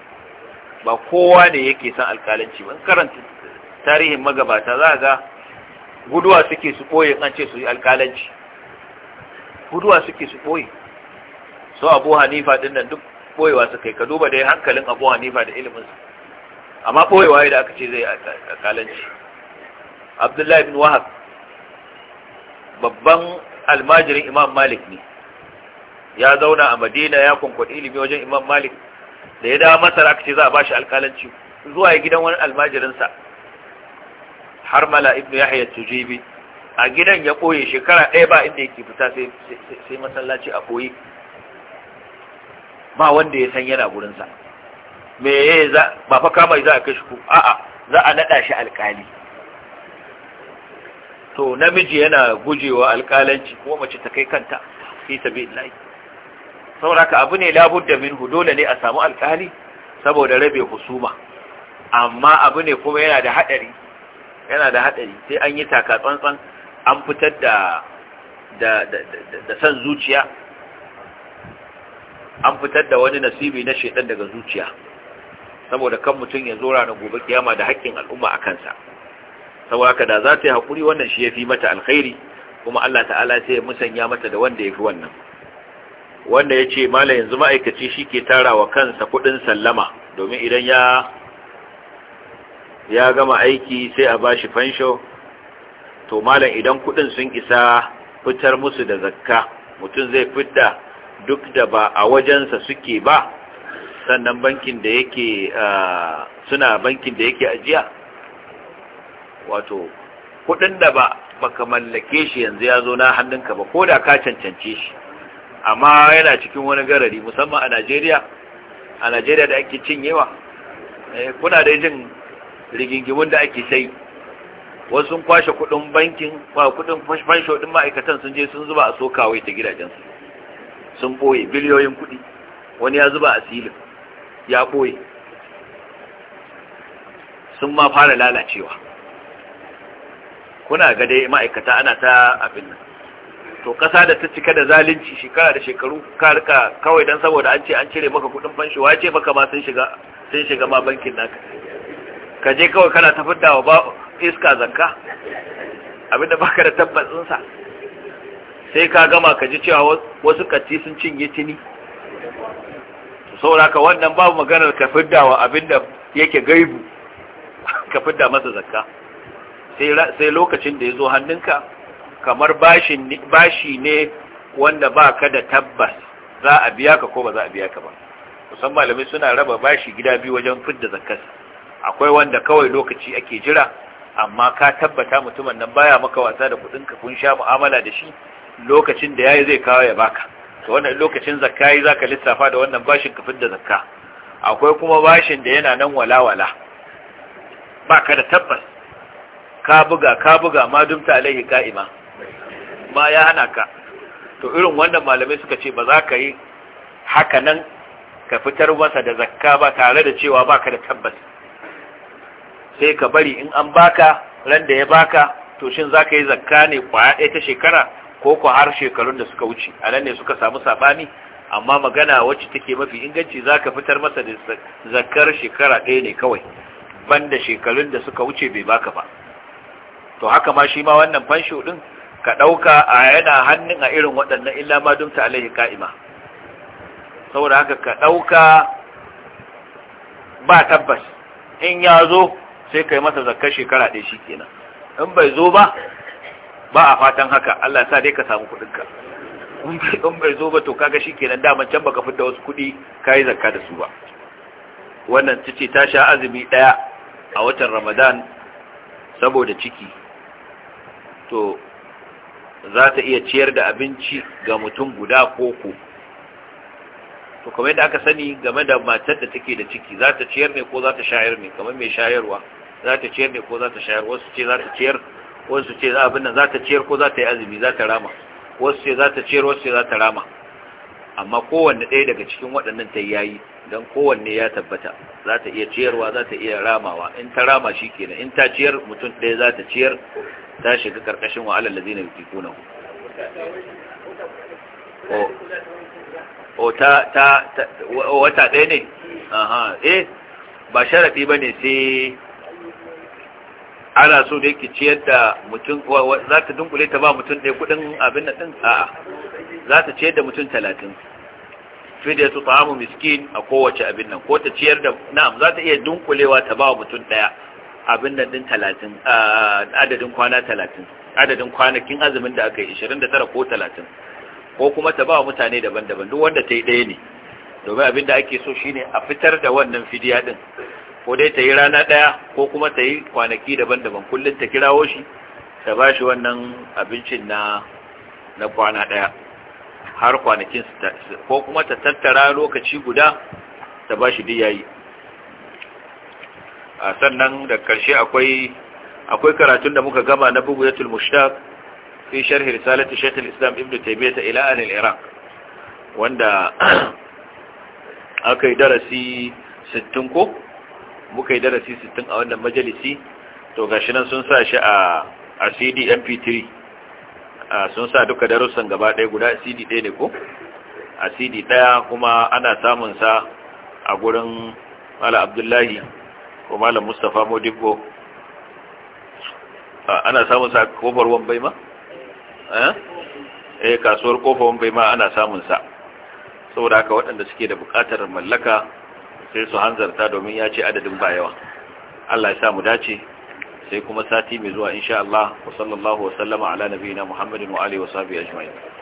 ba kowa ne yake son alkalanci ba karanta tarihin magabata za a ga guduwa suke su ɓoye an ce su yi alƙalanci guduwa suke su koyi. so abu hanifa din nan duk koyewa su kai ka duba da hankalin abu hanifa da su amma yi da aka ce zai alƙalanci abdullahi bin wahab babban almajirin imam malik ne ya zauna a madina ya kwankwaɗi ilimi wajen imam malik da ya dawo masar aka ce za a ba shi alƙalanci zuwa ya gidan wani almajirinsa har mala ibnu yahya tujibi a gidan ya koye shekara ɗaya ba inda yake fita sai masallaci a koye ba wanda ya san yana sa me za ba fa kama za a kai shi ku a'a za a naɗa shi alƙali to namiji yana gujewa alƙalanci kuma mace ta kai kanta fi sabilillah sauraka abu ne labudda minhu dole ne a samu alƙali saboda rabe husuma amma abu ne kuma yana da haɗari yana da haɗari sai an yi taka tsantsan an fitar da san zuciya an fitar da wani nasibi na shaidan daga zuciya saboda kan mutum ya zora na gobe kiyama da haƙƙin al'umma a kansa saboda haka da za ta yi haƙuri wannan shi ya fi mata alkhairi kuma Allah ta'ala sai ya musanya mata da wanda ya fi wannan wanda ya ce mala yanzu ma'aikaci shi ke tara wa kansa kuɗin sallama domin idan ya ya gama aiki sai a bashi fansho to malam idan kudin sun isa fitar musu da zakka mutum zai fitta duk da ba a wajensa suke ba sannan bankin da yake suna bankin da yake ajiya wato kudin da ba baka mallake shi yanzu ya zo na hannunka ba ko da ka cancance shi amma yana cikin wani garari musamman a Najeriya a Najeriya da ake cinyewa eh, kuna da jin rigingimun da ake sai wasu sun kwashe kudin bankin ba kudin fashfansho din ma'aikatan sun je sun zuba a sokawai ta gidajensu sun boye biliyoyin kudi wani ya zuba a silin ya boye sun ma fara lalacewa kuna ga dai ma'aikata ana ta abin nan to kasa da ta cika da zalunci shekara da shekaru ka rika kawai dan saboda an ce an cire maka kudin fansho wace maka ma sun shiga sun shiga ma bankin naka ka je kawai kana ta fidda wa ba iska abin abinda baka da tabbatsinsa sai ka gama ka ji cewa wasu kacci sun cinye tini ka wannan babu maganar ka fidda wa abinda yake gaibu ka fidda masa zanka. sai lokacin da ya zo hannunka kamar bashi ne wanda ba ka da tabbas za a biya ka ko ba za a biya ka ba musamman malamai suna raba bashi gida biyu wajen fidda zakkarsa akwai wanda kawai lokaci ake jira amma ka tabbata mutumin nan baya maka wasa da kudin ka kun sha mu'amala da shi lokacin da yayi zai kawo ya baka to wannan lokacin zakka yi zaka lissafa da wannan bashin kafin da zakka akwai kuma bashin da yana nan walawala baka da tabbas ka buga ka buga ma dumta alaihi ka'ima ma ya hana ka to irin wannan malamai suka ce ba za ka yi haka nan ka fitar masa da zakka ba tare da cewa baka da tabbas sai ka bari in an baka ran da ya baka to shin za ka yi zakka ne kwaya ɗaya ta shekara ko ko har shekarun da suka wuce a nan ne suka samu saɓani amma magana wacce take mafi inganci za ka fitar masa da zakkar shekara ɗaya ne kawai banda shekarun da suka wuce bai baka ba to haka ma shi ma wannan fansho ɗin ka ɗauka a yana hannun a irin waɗannan illa ma dumta alaihi ka'ima saboda haka ka ɗauka ba tabbas in ya zo sai kai masa zakka shekara ɗaya shi kenan in bai zo ba ba a fatan haka Allah sa dai ka samu kuɗinka in bai zo ba to kaga shi kenan daman can baka fitta wasu kuɗi ka yi zakka da su ba wannan ta ce ta sha azumi ɗaya a watan ramadan saboda ciki to za ta iya ciyar da abinci ga mutum guda koko to kamar yadda aka sani game da matar da take da ciki za ta ciyar ne ko za ta shayar ne kamar mai shayarwa za ta ciyar ne ko za ta shayar wasu ce za ta ciyar wasu ce abin za ta ciyar ko za ta yi azumi za ta rama wasu ce za ta ciyar wasu ce za ta rama amma kowanne ɗaya daga cikin waɗannan ta yayi don kowanne ya tabbata za ta iya ciyarwa za ta iya ramawa in ta rama shi kenan in ta ciyar mutum ɗaya za ta ciyar ta shiga ƙarƙashin wa alal lazina kuna o o ta ta wata ɗaya ne aha eh ba sharadi bane sai ana so da yake ciyar da mutum za ta dunkule ta ba mutum ɗaya kudin abin da ɗin a'a za ta ciyar da mutum talatin Fidda su hamu miskin a kowace abin nan ko ta ciyar da na'am za ta iya dunkulewa ta ba mutum ɗaya abin da ɗin talatin adadin kwana talatin adadin kwanakin azumin da aka yi ishirin da tara ko talatin ko kuma ta ba mutane daban-daban duk wanda ta yi ɗaya ne domin abin da ake so shine a fitar da wannan fidiya ɗin ko dai ta yi rana ɗaya ko kuma ta yi kwanaki daban-daban kullum ta kirawo shi ta ba shi wannan abincin na kwana ɗaya har kwanakin ko kuma ta tattara lokaci guda ta ba shi diyayi a sannan da ƙarshe akwai akwai karatun da muka gama na ya mushtaq fi sharhi risalati Shaitan islam ibn taymiyyah ila anil iraq wanda aka yi darasi 60 ko muka yi darasi 60 a wannan majalisi to ga nan sun sa shi a CD MP3 sun sa duka darussan gaba ɗaya guda CD ɗaya ne ko a CD ɗaya kuma ana samun sa a gurin Malam Abdullahi ko Malam Mustapha Modibbo ana samun sa kofar wambai ma? Eh? eh kasuwar kofar wambai ma ana samun sa saboda haka waɗanda suke da buƙatar mallaka sai su hanzarta domin ya ce adadin ba yawa Allah ya sa mu dace sai kuma sati mai zuwa insha Allah wa sallallahu wa sallama ala nabiyina Muhammadin wa alihi wa sahbihi ajma'in